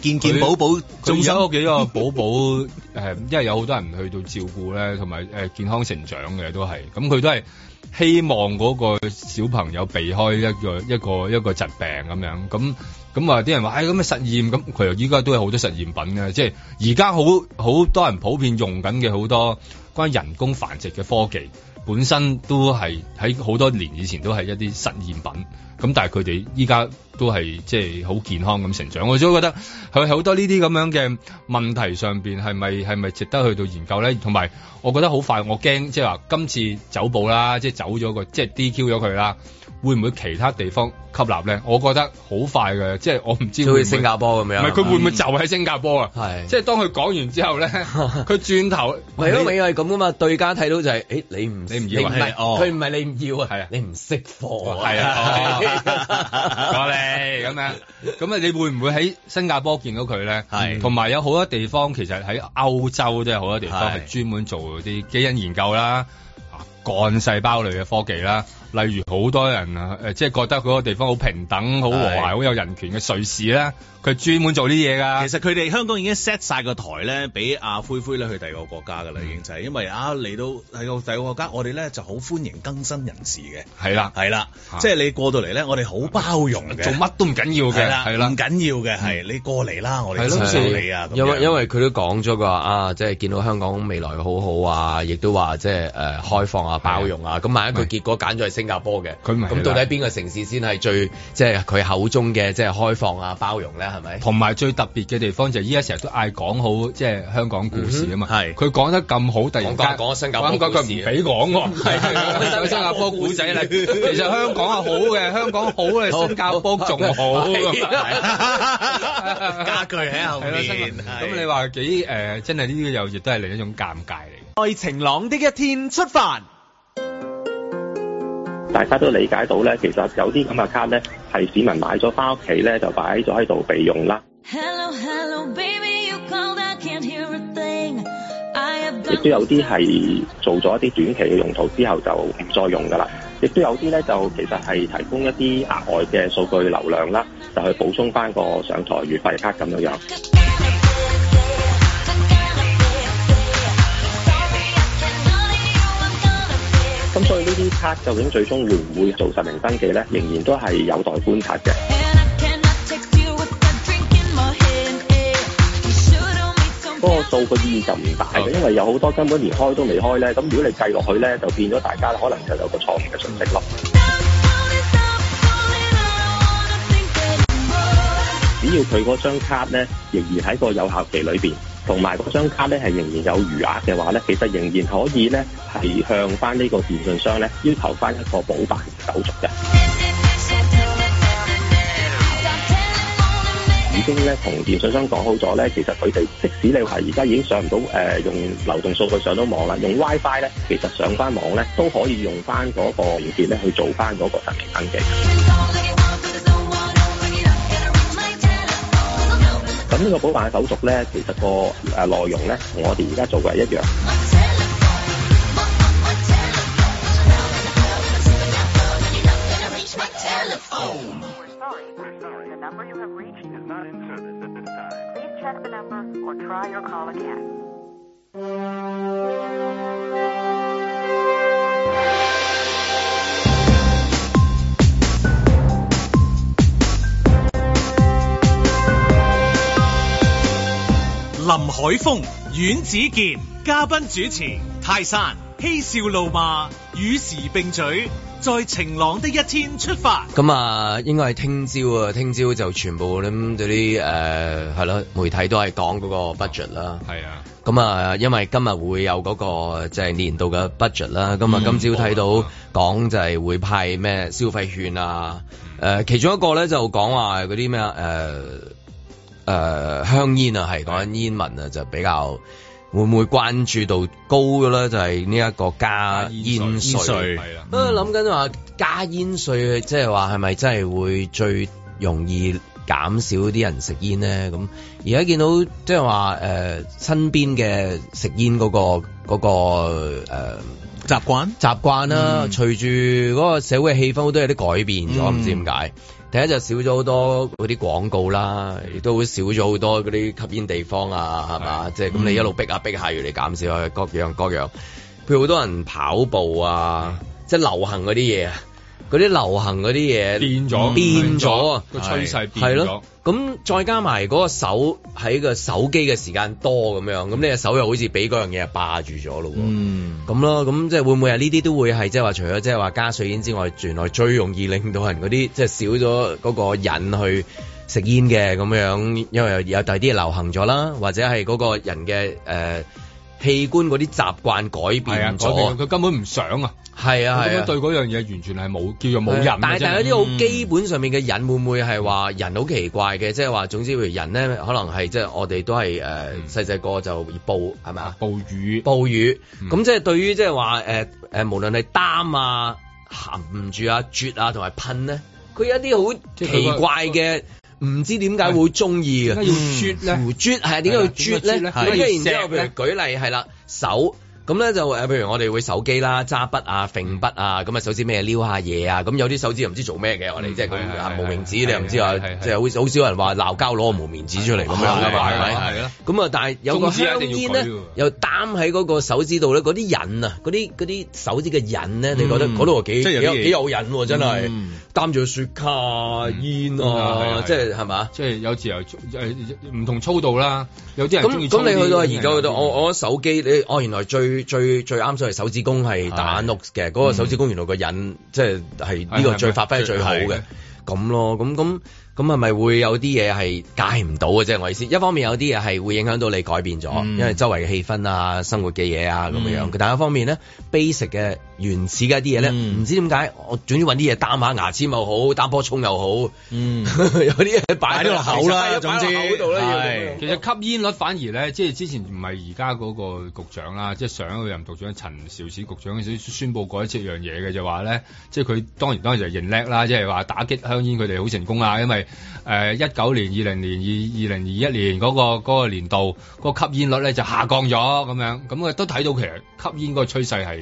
健健寶寶，仲有屋企個寶寶，誒， 因為有好多人去到照顧咧，同埋誒健康成長嘅都係，咁佢都係希望嗰個小朋友避開一個一個一個疾病咁樣，咁咁啊。啲人話，哎，咁嘅實驗，咁佢依家都係好多實驗品嘅，即係而家好好多人普遍用緊嘅好多關於人工繁殖嘅科技。本身都係喺好多年以前都係一啲實驗品，咁但係佢哋依家都係即係好健康咁成長。我所以覺得佢好多呢啲咁樣嘅問題上邊，係咪係咪值得去到研究咧？同埋我覺得好快，我驚即係話今次走步啦，即係走咗個即係 DQ 咗佢啦。會唔會其他地方吸納咧？我覺得好快嘅，即係我唔知佢會,會新加坡咁樣。唔係佢會唔會就喺新加坡啊？係、嗯，即係當佢講完之後咧，佢 轉頭，係咯，咪又係咁噶嘛？對家睇到就係、是，誒、欸，你唔，你唔、哦、要，佢唔係你唔要啊，係啊，你唔識貨啊，係啊，我 嚟！咁樣，咁啊，你會唔會喺新加坡見到佢咧？係，同埋有好多地方，其實喺歐洲即係好多地方係專門做啲基因研究啦，幹細胞類嘅科技啦。例如好多人啊，誒、呃，即係覺得嗰個地方好平等、好和諧、好有人權嘅瑞士啦，佢專門做啲嘢㗎。其實佢哋香港已經 set 曬個台咧，俾阿灰灰咧去第二個國家㗎啦，已經就係因為啊，嚟到喺個、啊、第二個國家，我哋咧就好歡迎更新人士嘅。係啦，係啦，啊、即係你過到嚟咧，我哋好包容、啊、做乜都唔緊要嘅，係啦，唔緊要嘅，係、嗯、你過嚟啦，我哋歡迎你啊。係因為因為佢都講咗㗎啊，即係見到香港未來好好啊，亦都話即係誒、呃、開放啊、包容啊，咁萬一佢結果揀咗新加坡嘅，佢唔係咁，到底邊個城市先係最即係佢口中嘅即係開放啊包容咧，係咪？同埋最特別嘅地方就係依家成日都嗌，講好即係香港故事啊嘛，係佢講得咁好，突然間講講新加坡故事，佢唔俾講，係 講 新加坡古仔呢， 其實香港係好嘅，香港好，嘅 新加坡仲好。家具喺後邊咁 你話幾誒、呃？真係呢個又亦都係另一種尷尬嚟。在晴朗的一天出發。大家都理解到咧，其實有啲咁嘅卡咧，係市民買咗翻屋企咧，就擺咗喺度備用啦。亦都有啲係做咗一啲短期嘅用途之後就唔再用㗎喇。亦都有啲咧就其實係提供一啲額外嘅數據流量啦，就去補充翻個上台月費卡咁樣。咁所以呢啲卡究竟最終會唔會做實名登記咧，仍然都係有待觀察嘅。嗰、eh? 個數據意義就唔大嘅，okay. 因為有好多根本連開都未開咧。咁如果你計落去咧，就變咗大家可能就有個錯誤嘅信息咯。只要佢嗰張卡咧，仍然喺個有效期裏邊。同埋嗰張卡咧係仍然有餘額嘅話咧，其實仍然可以咧係向翻呢個電信商咧要求翻一個補辦手續嘅 已經咧同電信商講好咗咧，其實佢哋即使你係而家已經上唔到、呃、用流動數據上到網啦，用 WiFi 咧，其實上翻網咧都可以用翻嗰個連結咧去做翻嗰個實名登記。呢個補辦嘅手續咧，其實個誒內容咧，同我哋而家做嘅係一樣。林海峰、阮子健嘉賓主持，泰山嬉笑怒罵與時並舉，在晴朗的一天出發。咁啊，應該係聽朝啊，聽朝就全部咁嗰啲誒，係、呃、咯，媒體都係講嗰個 budget 啦、哦。係啊，咁啊，因為今日會有嗰個即係年度嘅 budget 啦。咁、嗯、啊，今朝睇到講、哦、就係會派咩消費券啊，誒、呃，其中一個咧就講話嗰啲咩啊，誒、呃。誒、呃、香煙啊，係講緊煙民啊，就比較會唔會關注度高嘅咧？就係呢一個加煙稅，諗緊話加煙稅，即係話係咪真係會最容易減少啲人食煙呢、呃、食煙咧、那個？咁而家見到即係話誒身邊嘅食煙嗰個嗰個誒習慣習慣啦、啊，嗯、隨住嗰個社會氣氛都有啲改變咗，唔、嗯、知點解。第一就少咗好多嗰啲廣告啦，亦都會少咗好多嗰啲吸煙地方啊，係嘛？即係咁你一路逼下逼下，越嚟減少各樣各樣，各樣，譬如好多人跑步啊，是即係流行嗰啲嘢。嗰啲流行嗰啲嘢變咗，變咗啊、個趨勢變咗。咁再加埋嗰個手喺個手機嘅時間多咁樣，咁你嘅手又好似俾嗰樣嘢霸住咗咯喎。嗯，咁咯，咁即係會唔會係呢啲都會係即係話除咗即係話加水煙之外，原來最容易令到人嗰啲即係少咗嗰個癮去食煙嘅咁樣，因為有第啲流行咗啦，或者係嗰個人嘅誒。呃器官嗰啲習慣改變咗，佢根本唔想啊！係啊，根本、啊啊、對嗰樣嘢完全係冇叫做冇人。但係但係有啲好基本上面嘅人、嗯、會唔會係話人好奇怪嘅？即係話總之，譬如人咧，可能係即係我哋都係誒、呃嗯、細細個就暴係咪啊？暴雨暴雨咁即係對於即係話誒誒，無論係擔啊、含唔住啊、啜啊同埋噴咧，佢、啊、有一啲好奇怪嘅。唔知點解會中意嘅，點解要啜咧？胡啜係啊，點解要啜咧？咁然之後，譬如舉例係啦，手。咁咧就誒，譬如我哋會手機啦、揸筆啊、揈筆啊，咁啊手指咩撩下嘢啊，咁有啲手指又唔知做咩嘅、嗯，我哋即係嗰無名指、嗯嗯、你又唔知啊，即係會好少人話鬧交攞個無名指出嚟咁樣噶嘛，係、嗯、咪？係、嗯、咯。咁、嗯、啊，但、就、係、是嗯就是、有個香煙又擔喺嗰個手指度咧，嗰啲癮啊，嗰啲啲手指嘅癮咧，你覺得嗰度幾幾有癮喎？真係擔住雪茄煙啊，即係係嘛？即係有自由唔同粗度啦，有啲人中意咁你去到而家去到我我手機你哦原來最。最最啱所以手指公係打眼碌嘅，嗰、嗰個手指公原來個人即係係呢個最發揮係最好嘅咁咯，咁咁咁係咪會有啲嘢係戒唔到嘅啫？我意思，一方面有啲嘢係會影響到你改變咗、嗯，因為周圍嘅氣氛啊、生活嘅嘢啊咁樣樣。嗯、但係一方面咧 basic 嘅。原始嘅一啲嘢咧，唔、嗯、知點解，我總之揾啲嘢擔下牙籤又好，擔波葱又好，嗯、 有啲擺喺落口啦。總之，其實吸煙率反而咧，即係之前唔係而家嗰個局長啦，即係上一任局長陳肇始局長先宣佈過一樣嘢嘅，就話咧，即係佢當然當然就認叻啦，即係話打擊香煙佢哋好成功啊，因為誒一九年、二零年、二二零二一年嗰、嗰個嗰個年度、個吸煙率咧就下降咗咁樣，咁佢都睇到其實吸煙嗰個趨勢係。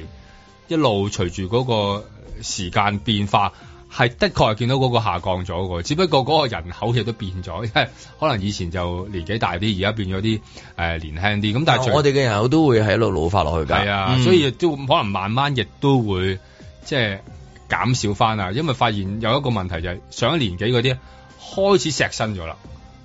一路隨住嗰個時間變化，係的確係見到嗰個下降咗嘅。只不過嗰個人口亦都變咗，因為可能以前就年紀大啲，而家變咗啲、呃、年輕啲。咁但係、哦、我哋嘅人口都會喺度老化落去㗎。係啊、嗯，所以都可能慢慢亦都會即係減少翻啊。因為發現有一個問題就係、是、上年紀嗰啲開始錫身咗啦。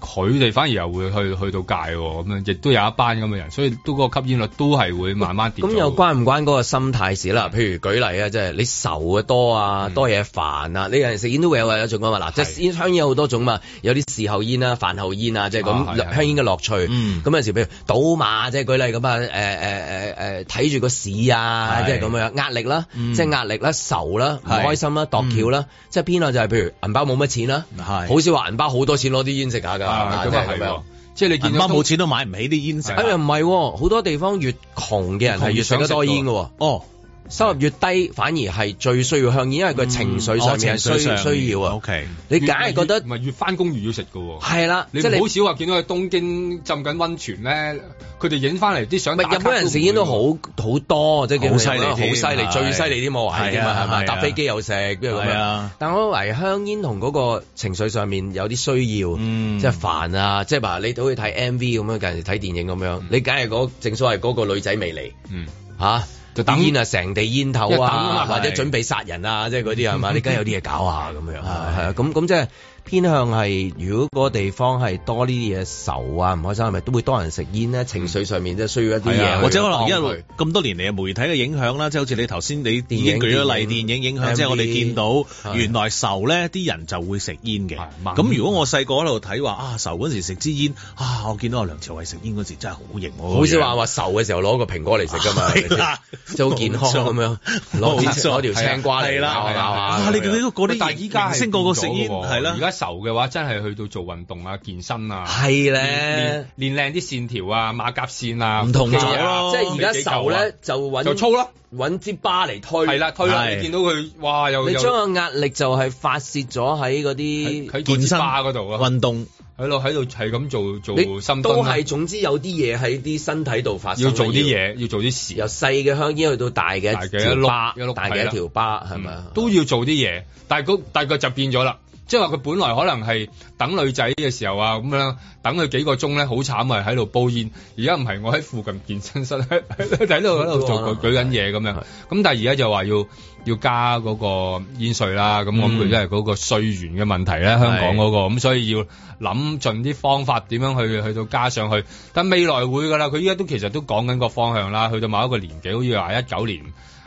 佢哋反而又會去去到界喎，咁樣亦都有一班咁嘅人，所以都個吸煙率都係會慢慢跌。咁又關唔關嗰個心態事啦、嗯？譬如舉例啊，即、就、係、是、你愁嘅多啊，嗯、多嘢煩啊，你有陣食煙都會有一種噶、啊、嘛。嗱、嗯，即係煙香煙有好多種嘛，有啲事後煙啦、啊、飯後煙啊，即係咁香煙嘅樂趣。咁、啊、有陣時譬如賭馬即係、就是、舉例咁、呃呃呃呃呃、啊，誒誒誒誒睇住個市啊，即係咁樣壓力啦，即、嗯、係、就是、壓力啦、愁啦、唔開心啦、度橋啦，嗯、即係邊個就係、是、譬如銀包冇乜錢啦，好少話銀包好多錢攞啲煙食下、啊、㗎。啊咁係係喎，即、啊、係、啊啊就是啊、你見到冇、啊、錢都買唔起啲煙食。哎呀唔係，好、啊啊、多地方越窮嘅人係越食得多煙嘅喎，哦。收入越低，反而係最需要香煙，因為佢情緒上面係需需要啊。你梗係覺得唔係越翻工越要食噶喎。係、嗯、啦，即係好少話見到去東京浸緊溫泉咧，佢哋影翻嚟啲相不。日本人食煙都好好多，即係叫咩啊？好犀利，最犀利啲我係㗎嘛，係咪搭飛機又食？跟住咁樣。Dann, 但我認為香煙同嗰個情緒上面有啲需要，即、嗯、係、就是、煩啊，即係話你好似睇 MV 咁樣，隔日睇電影咁樣，嗯。你梗係嗰正所謂嗰個女仔未嚟，吓、嗯。啊就抌煙啊，成地煙頭啊，或者準備殺人啊，即係嗰啲係嘛？你而家有啲嘢搞下 這 啊，咁樣係係啊，咁咁即係。偏向係，如果個地方係多呢啲嘢愁啊，唔開心係咪都會多人食煙咧、嗯？情緒上面即係需要一啲嘢、啊，或者可能因為咁多年嚟嘅媒體嘅影響啦，即、就、係、是、好似你頭先你電影舉咗例，電影影響，即係、就是、我哋見到原來愁咧啲人就會食煙嘅。咁如果我細個喺度睇話啊，愁嗰時食支煙啊，我見到阿梁朝偉食煙嗰時真係好型喎，好似話話愁嘅時候攞個蘋果嚟食㗎嘛，即好健康咁樣攞攞條青瓜嚟你嗰啲嗰，但係依家個個食煙啦。愁嘅話，真係去到做運動啊、健身啊，係咧練練靚啲線條啊、馬甲線啊，唔同嘅、啊、即係而家愁咧，就揾就粗咯，揾支巴嚟推，係啦，推啦。你見到佢哇，又你將個壓力就係發洩咗喺嗰啲健身嗰度啊。運動喺度喺度係咁做做。你都係，總之有啲嘢喺啲身體度發生。要做啲嘢，要做啲事，由細嘅香煙去到大嘅條巴，大嘅一條巴係咪？都要做啲嘢，但係個但係就變咗啦。即係話佢本來可能係等女仔嘅時候啊，咁樣等佢幾個鐘咧，好慘啊，喺度煲煙。而家唔係我喺附近健身室喺就喺度喺度做舉舉緊嘢咁樣。咁但係而家就話要要加嗰個煙稅啦。咁我諗佢都係嗰個稅源嘅問題咧、嗯，香港嗰、嗰個咁，所以要諗盡啲方法點樣去去到加上去。但未來會㗎啦，佢依家都其實都講緊個方向啦，去到某一個年紀，好似話一九年。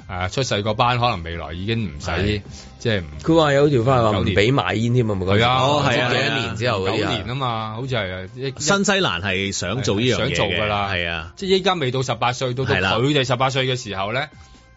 啊，出世個班可能未來已經唔使，即係。佢話有條法話唔俾買煙添啊，冇講。係、哦、幾多年之後？九年啊嘛，好似係。新西蘭係想做呢樣嘢㗎啦，係啊，即係依家未到十八歲，到到佢哋十八歲嘅時候咧，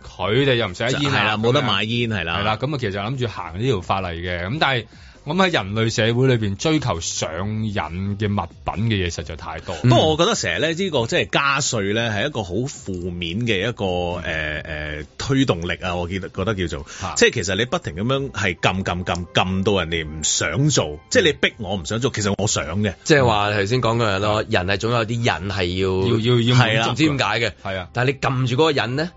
佢哋又唔使煙，係冇得買煙係啦，係啦，咁啊其實諗住行呢條法例嘅，咁但係。咁喺人類社會裏面追求上癮嘅物品嘅嘢實在太多。嗯，不過我覺得成日咧呢個即係、就是、加稅咧係一個好負面嘅一個誒、嗯呃呃、推動力啊！我記得覺得叫做，啊、即係其實你不停咁樣係撳撳撳撳到人哋唔想做，即係你逼我唔想做，其實我想嘅。即係話頭先講嘅咯，人係總有啲癮係要要要，係啦，唔、啊、知點解嘅，係啊，但係你撳住嗰個癮咧。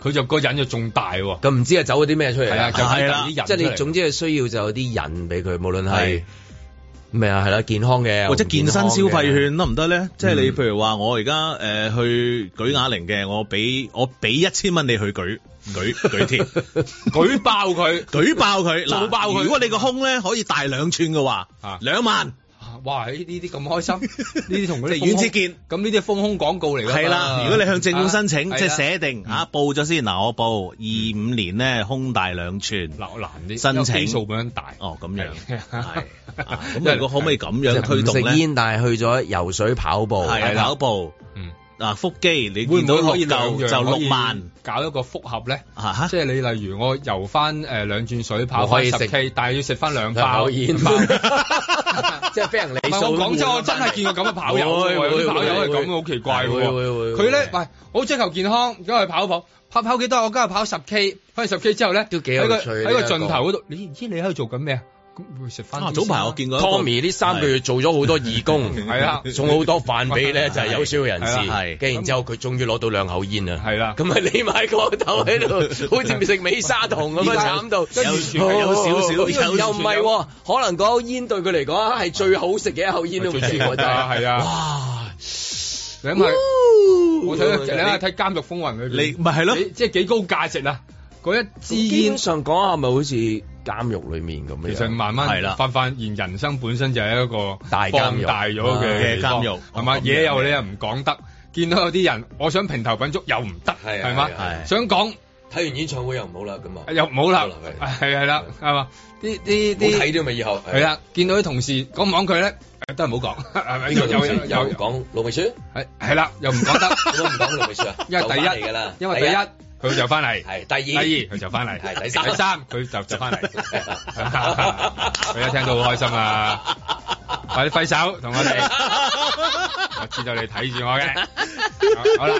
佢就個引就仲大喎、哦，咁唔知係走咗啲咩出嚟？係啊，就係啦，即係、啊就是、你總之係需要就有啲人俾佢，無論係咩啊，係啦、啊啊，健康嘅，或者健身消費券得唔得咧？即係你、嗯、譬如話、呃，我而家誒去舉啞鈴嘅，我俾我俾一千蚊你去舉舉舉添， 舉爆佢，舉爆佢，鬧爆佢，如果你個胸咧可以大兩寸嘅話、啊，兩萬。哇！呢啲咁開心，呢啲同佢哋遠之見，咁呢啲係豐胸廣告嚟嘅。係啦，如果你向政府申請，即、啊、係、就是、寫定嚇、啊啊、報咗先。嗱，我報二五年咧，胸大兩寸。嗱，難啲申請數比較大。哦，咁樣係。咁、 啊、如果可唔可以咁樣推動咧？就是、食煙但係去咗游水跑步、跑步，係跑步。啊，腹肌你看到會唔會樣樣可以就六萬搞一個複合咧？嚇、啊！即係你例如我游翻誒、呃、兩轉水跑，跑翻十 K，但係要食翻兩包煙。即係俾人理數不不。唔係我講真，我真係見過咁嘅跑友， 會會有啲跑友係咁，好奇怪喎！會佢咧唔係，我好追求健康，咁我係跑步，跑跑幾多？我今日跑十 K，跑完十 K 之後咧，都幾有趣。喺個盡頭嗰度，你唔知你喺度做緊咩啊？食、啊啊、早排我見過、嗰個、Tommy 呢三個月做咗好多義工，係 啊，送好多飯俾咧就係、係、有需要人士，係。跟住然之後佢終於攞到兩口煙 啊，係啦。咁咪你買個頭喺度，好似食美沙酮咁樣慘到。有少少。又唔係，可能嗰個煙對佢嚟講係最好食嘅一口煙都唔錯。係啊，哇！你睇、哦、監獄風雲你，啲，咪係咯，即係幾高價值啊！嗰一支煙上講啊，咪好似～監獄裡面咁樣，其實慢慢係啦，發現人生本身就係一個大監大咗嘅監獄，係、啊、嘛？嘢又、嗯嗯、你又唔講得、嗯，見到有啲人、嗯，我想平頭品足又唔得，係嘛？想講睇完演唱會又唔好啦，咁啊又唔好啦，係係啦，係嘛？啲啲啲睇咗咪以後係啦，見到啲同事、嗯、講唔講佢咧都係唔好講，邊個有又講盧秘書係係啦，又唔講得，唔講盧秘書啊，因為第一，因為第一。佢就翻嚟，係第二，第二佢就翻嚟，係第三，第三佢 就就翻嚟，佢 一聽到好開心啊！快啲揮手同我哋，我知道你睇住我嘅 好啦，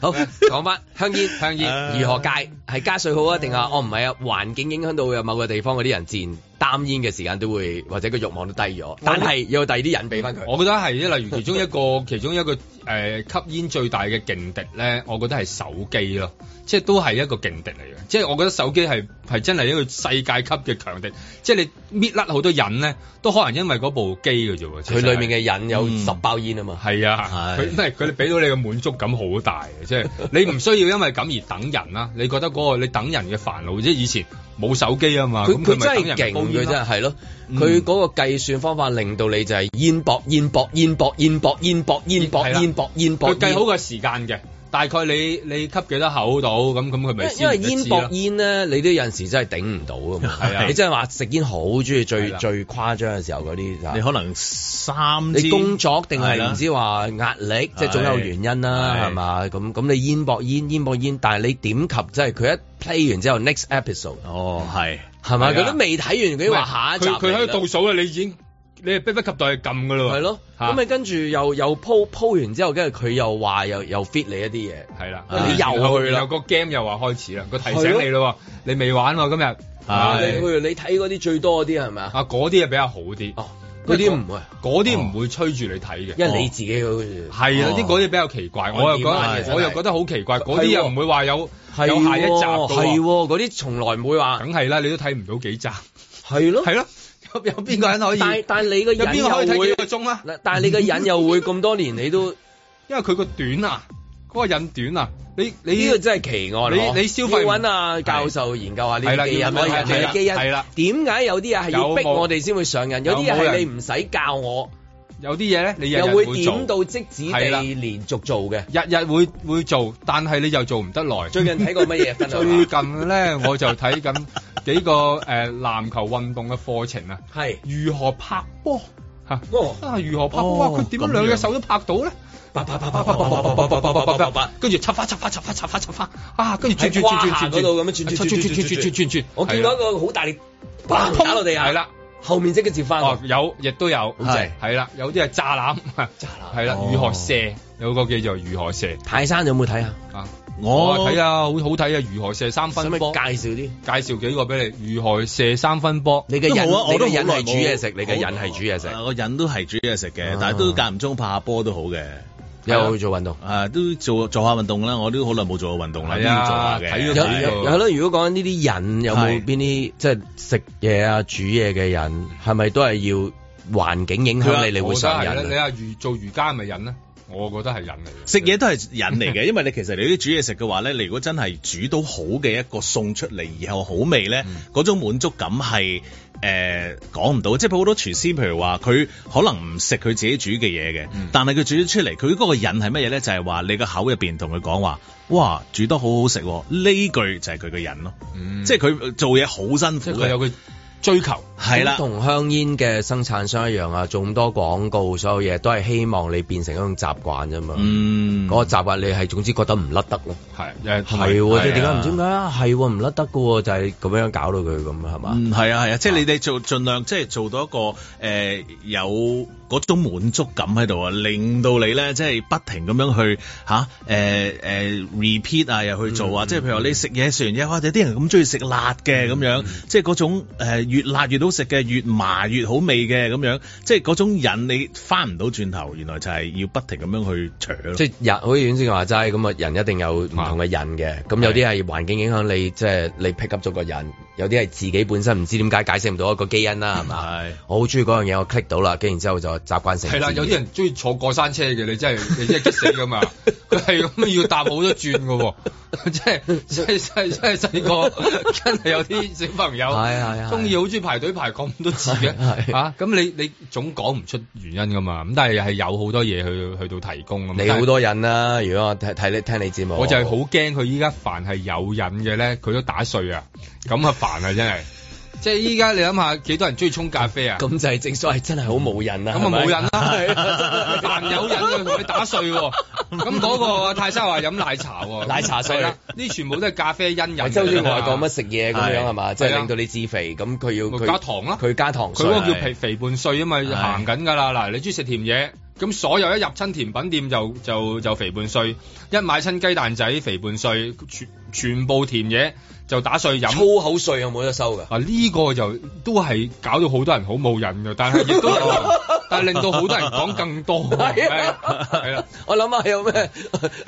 好講翻香煙，香煙、啊、如何戒？係加稅好啊，定啊？哦，唔係啊，環境影響到有某個地方嗰啲人賤。擔煙嘅時間都會，或者個欲望都低咗。但係有第二啲引俾翻佢。我覺得係，即例如其中一個， 其中一個誒、呃、吸煙最大嘅勁敵咧，我覺得係手機咯，即係都係一個勁敵嚟嘅。即係我覺得手機係係真係一個世界級嘅強敵。即係你搣甩好多引咧，都可能因為嗰部機嘅啫。佢裏面嘅引有十包煙啊、嗯、嘛。係、嗯、啊，佢因為佢俾到你嘅滿足感好大嘅，即係你唔需要因為咁而等人啦。你覺得嗰、那個你等人嘅煩惱，即係以前。冇手機啊嘛，佢佢、嗯啊、真係勁，佢真係係咯。佢嗰個計算方法令到你就係煙博、煙博、煙博、煙博、煙博、煙博、煙博、煙博，佢計好個時間嘅。大概你你吸幾多口到咁咁佢咪因為煙博煙咧，你都有陣時真係頂唔到啊！係啊，你真係話食煙好中意最最誇張嘅時候嗰啲，你可能三，你工作定係唔知話壓力，即係、啊就是、總有原因啦、啊，係嘛、啊？咁咁、啊、你煙博煙煙博煙，但係你點及？即係佢一 play 完之後 next episode 哦，係係咪？佢、啊、都未睇完，佢要話下一集。佢喺度倒數啊！你已經。你係迫不及待去撳噶咯喎，係咯，咁你跟住又又鋪完之後，跟住佢又話又又 fit 你一啲嘢，係啦，你、嗯、又去啦，個 game 又話開始啦，佢提醒你咯，你未玩喎今日，你睇嗰啲最多嗰啲係咪啊？啊嗰啲啊比較好啲，嗰啲唔會，嗰啲唔會催住你睇嘅，因為你自己去，係啦，啲嗰啲比較奇怪，哦、我又覺得我又覺得好奇怪，嗰啲又唔會話有有下一集，係嗰啲從來唔會話，梗係啦，你都睇唔到幾集，係咯，係咯。有邊個人可以？但但你個癮又睇幾個鐘啊！但你個癮又會咁 多年？你都因為佢個短啊，嗰、那個人短啊！你你呢、這個真係奇案你你，你消費唔啊？教授研究下呢啲基因啊，係啦。點解有啲啊係要逼我哋先會上癮？有啲係你唔使教我。有有啲嘢咧，你日日會做。又會點到即止地連續做嘅。日日會會做，但係你就做唔得耐。最近睇過乜嘢？ 最近咧，我就睇緊幾個誒籃、 呃、球運動嘅課程啊。係。如何拍波？吓、哦，啊，如何拍波？佢、哦、點樣兩隻手都拍到咧？跟住、哦、插花插花插花插花插花，插花，插花啊！跟住轉轉轉轉轉，我見到一個好大力打落地下。係啦。後面即刻接翻哦，有亦都有係係啦，有啲係炸籃，炸籃係啦，魚河射有個叫做魚河射，泰山有冇睇啊？我睇、哦、啊，好好睇啊，魚河射三分波，介紹啲介紹幾個俾你，魚河射三分波，你嘅人、啊、我人都忍係煮嘢食，你嘅人係煮嘢食，我人都係煮嘢食嘅、啊，但係都間唔中拍下波都好嘅。有去做運動，誒、啊、都做做下運動啦。我都好耐冇做過運動啦，係啊，做下嘅，係咯，如果講呢啲人，有冇邊啲，即係食嘢啊、煮嘢嘅人，係咪都係要環境影響你、啊，你會想你話做瑜伽係咪忍咧？我覺得係人嚟。食嘢都係人嚟嘅， 因為你其實你啲煮嘢食嘅話咧，你如果真係煮到好嘅一個餸出嚟，然後好味咧，嗰、嗯、種滿足感係。誒講唔到，即係好多廚師，譬如話佢可能唔食佢自己煮嘅嘢嘅，但係佢煮咗出嚟，佢嗰個癮係乜嘢咧？就係、是、話你個口入邊同佢講話，哇，煮得好好食、哦，呢句就係佢嘅癮咯，嗯、即係佢做嘢好辛苦，佢有佢追求。係啦，同香煙嘅生產商一樣啊，做咁多廣告，所有嘢都係希望你變成一種習慣啫嘛。嗰、嗯嗰個習慣你係總之覺得唔甩得咯。係，係，你點解唔知點解啊？係唔甩得嘅，就係、是、咁樣搞到佢咁係嘛。嗯，係啊，係啊，是啊即係你哋做盡量即係做到一個誒、呃、有嗰種滿足感喺度，啊，令到你咧即係不停咁樣去吓誒誒 repeat 啊，又去做啊。嗯、即係譬如話你食嘢食完嘢，或者啲人咁中意食辣嘅咁、嗯、樣，即係嗰種誒、呃、越辣越到。好食嘅，越麻越好味嘅咁樣，即係嗰種癮你翻唔到轉頭，原來就係要不停咁樣去搶。即係日好遠先話齋，咁啊人一定有唔同嘅癮嘅。咁、啊、有啲係環境影響你，你，即係你 pick up 咗個癮，有啲係自己本身唔知點解解釋唔到一個基因啦，係嘛？係。我好中意嗰樣嘢，我 click 到啦，跟住然之後就習慣性。係啦，有啲人中意坐過山車嘅，你真係 你真係激死噶嘛？佢係咁要搭好多轉噶，即係即係即係即係細個真係有啲小朋友係係中意好中意排隊。係咁多次嘅， 啊，咁你你總講唔出原因噶嘛？咁但係係有好多嘢去去到提供，咁。你好多人啦、啊。如果我睇睇你聽你節目，我就係好驚佢依家凡係有癮嘅咧，佢都打碎啊！咁啊煩啊真係。即係依家你諗下，幾多人中意沖咖啡啊？咁就係正所謂真係好冇癮啦。咁啊冇癮啦，難有人去同你打碎喎。咁、那、嗰個泰山話飲奶茶，奶茶碎啦。呢全部都係咖啡因引。周志豪係講乜食嘢咁樣係嘛？即係、就是、令到你致肥，咁佢要佢加糖啦，佢加糖。佢個叫肥半碎啊嘛，行緊㗎啦。嗱，你中意食甜嘢，咁所有一入親甜品店就就就就肥半碎，一買親雞蛋仔肥半碎，全全部甜嘢。就打碎飲粗口稅有冇得收嘅？啊呢、這個就都係搞到好多人好冇癮嘅，但係亦都有， 但係令到好多人講更多。係 啦，我諗下有咩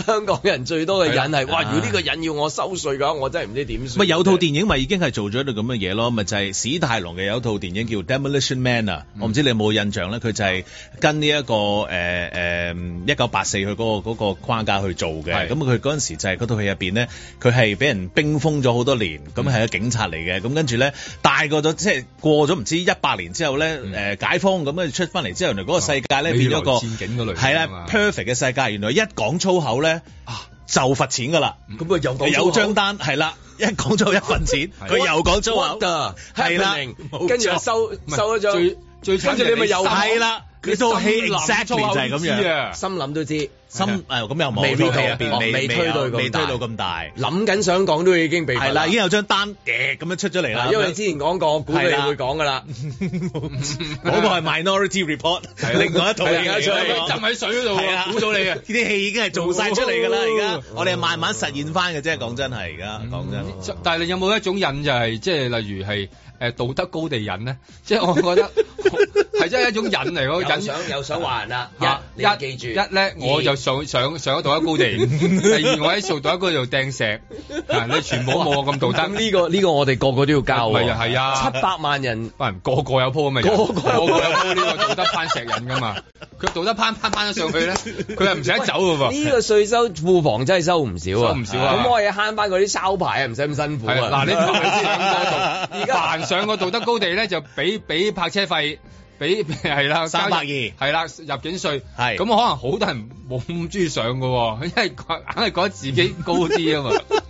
香港人最多嘅癮係？哇！如果呢個癮要我收稅嘅話，我真係唔知點算。咪、啊、有套電影咪已經係做咗啲咁嘅嘢咯？咪就係、是、史泰龍嘅有套電影叫《Demolition Man》啊！嗯、我唔知你有冇印象咧？佢就係跟呢、這、一個誒誒一九八四去嗰個嗰、那個、框架去做嘅。咁、就是，佢嗰陣時就係嗰套戲入邊咧，佢係俾人冰封咗好多。多年咁係個警察嚟嘅，咁跟住咧大過咗，即係過咗唔知一百年之後咧，誒、嗯、解封咁，啊出翻嚟之後，原來嗰個世界咧變咗個，係啦 perfect 嘅世界、嗯。原來一講粗口咧、啊、就罰錢噶啦，咁佢又有張單係啦，一講粗口一份錢，佢 又講粗口，係啦，跟住收收咗最，跟住你咪又係啦，你做戲 exactly 就係、是、咁樣，心諗都知。心誒咁又冇，未推到咁大，諗緊想講都已經被係啦，已經有張單嘅咁樣出咗嚟啦。因為你之前講過，估到你會講噶啦，嗰個係 Minority Report，另外一套而家出嚟，浸喺水嗰度，估到你嘅呢啲戲已經係做晒出嚟㗎啦。而家我哋係慢慢實現翻嘅啫。講真係而家講真，但係你有冇一種癮就係即係例如係誒道德高地癮咧？即係我覺得係真係一種癮嚟嗰癮，想又想還啊！一記住一叻，我就。上上上咗道德高地， 第二我喺上度一度掟石，嗱、 啊、你全部都冇我咁道德。呢、這個呢、這個我哋個個都要交啊，係啊，七百萬人個個有鋪咁嘅嘢，個個有鋪呢個道德攀石人噶嘛？佢道德攀攀攀咗上去咧，佢又唔使走噶噃。呢個稅收庫房真係收唔少啊，收唔少啊。咁我哋慳翻嗰啲抄牌啊，唔使咁辛苦嗱，你你知咁高度，而家行上個道德高地咧、啊這個啊啊 啊啊，就俾俾泊車費。俾係啦，三百二係啦，入境稅係咁，是可能好多人冇咁中意上嘅喎，因為佢硬係覺得自己高啲啊嘛。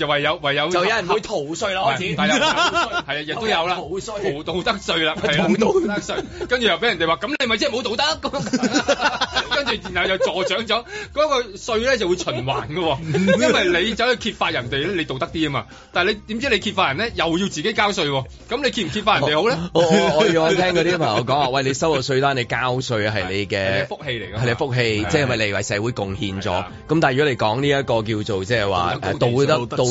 就唯有唯有就有人會逃稅咯開始，係啊，亦都有啦，逃逃道德稅啦，係啊，逃道德稅，跟住又俾人哋話，咁你咪即係冇道德咯。跟住然後又助長咗嗰個稅咧，就會循環㗎，因為你走去揭發人哋咧，你道德啲啊嘛。但係你點知你揭發人咧，又要自己交稅喎？咁你揭唔揭發人哋好咧？我我我有聽嗰啲朋友講話，喂你收個稅單，你交稅係你嘅福氣嚟㗎，係你福氣，即係咪你為社會貢獻咗？咁但係如果你講呢一個叫做即係話道德道。道德高，地嘅稅位或者叫掟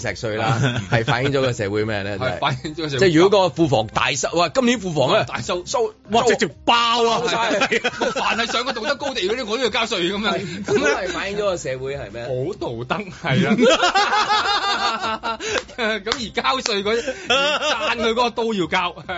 石稅啦，係 反映咗個社會咩咧？反映咗即係如果個庫房大收，哇！今年庫房咧大收收，哇！直接爆啊！凡係上個道德高地嗰啲，我都要交稅咁樣，咁係 反映咗個社會係咩？好道德係啊！咁 而交稅嗰啲，讚佢嗰個都要交。咁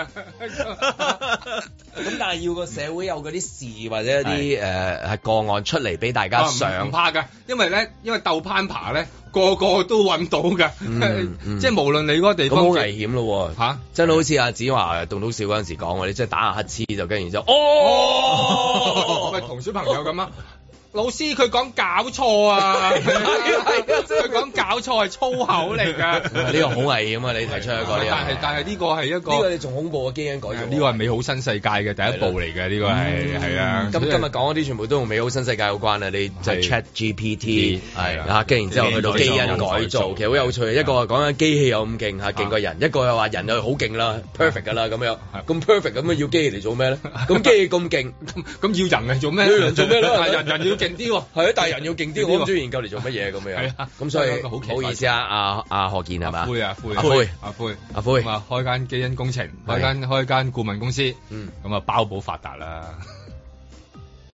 但係要個社會有嗰啲事或者一啲誒係個案出嚟俾大家上拍噶，因為咧，因為鬥攀爬咧。個個都揾到嘅，嗯嗯、 即係無論你嗰個地方，好危險咯吓，真係好似阿子華棟篤笑嗰陣時講嘅，你即係打下乞嗤就跟住然之後就，哦，係 同小朋友咁啊！ 老師佢講搞錯啊！係啊，佢講搞錯係粗口嚟㗎。呢個好危險啊！你提出呢個，但係但係呢個係一個呢個你仲恐怖嘅基因改造。呢個係美好新世界嘅第一步嚟嘅，呢個係係啊。咁今日講嗰啲全部都同美好新世界有關啊！你就係 Chat GPT，係啊，跟住然之後去到基因改造，其實好有趣。一個講緊機器有咁勁係勁過人，一個又話人又好勁啦，perfect 㗎啦咁樣，咁 perfect 咁樣要機器嚟做咩咧？咁機器咁勁，咁咁要人嚟做咩咧？要人做咩咧？係人人要。勁啲喎，係啊，大人要勁啲，哦，我唔中意研究嚟做乜嘢咁樣，係啊，咁所以好，唔、嗯、好意思啊，啊啊阿阿何健係嘛，灰阿灰，灰阿灰阿灰，咁啊開間基因工程，開間開間顧問公司，嗯，咁啊包保發達啦。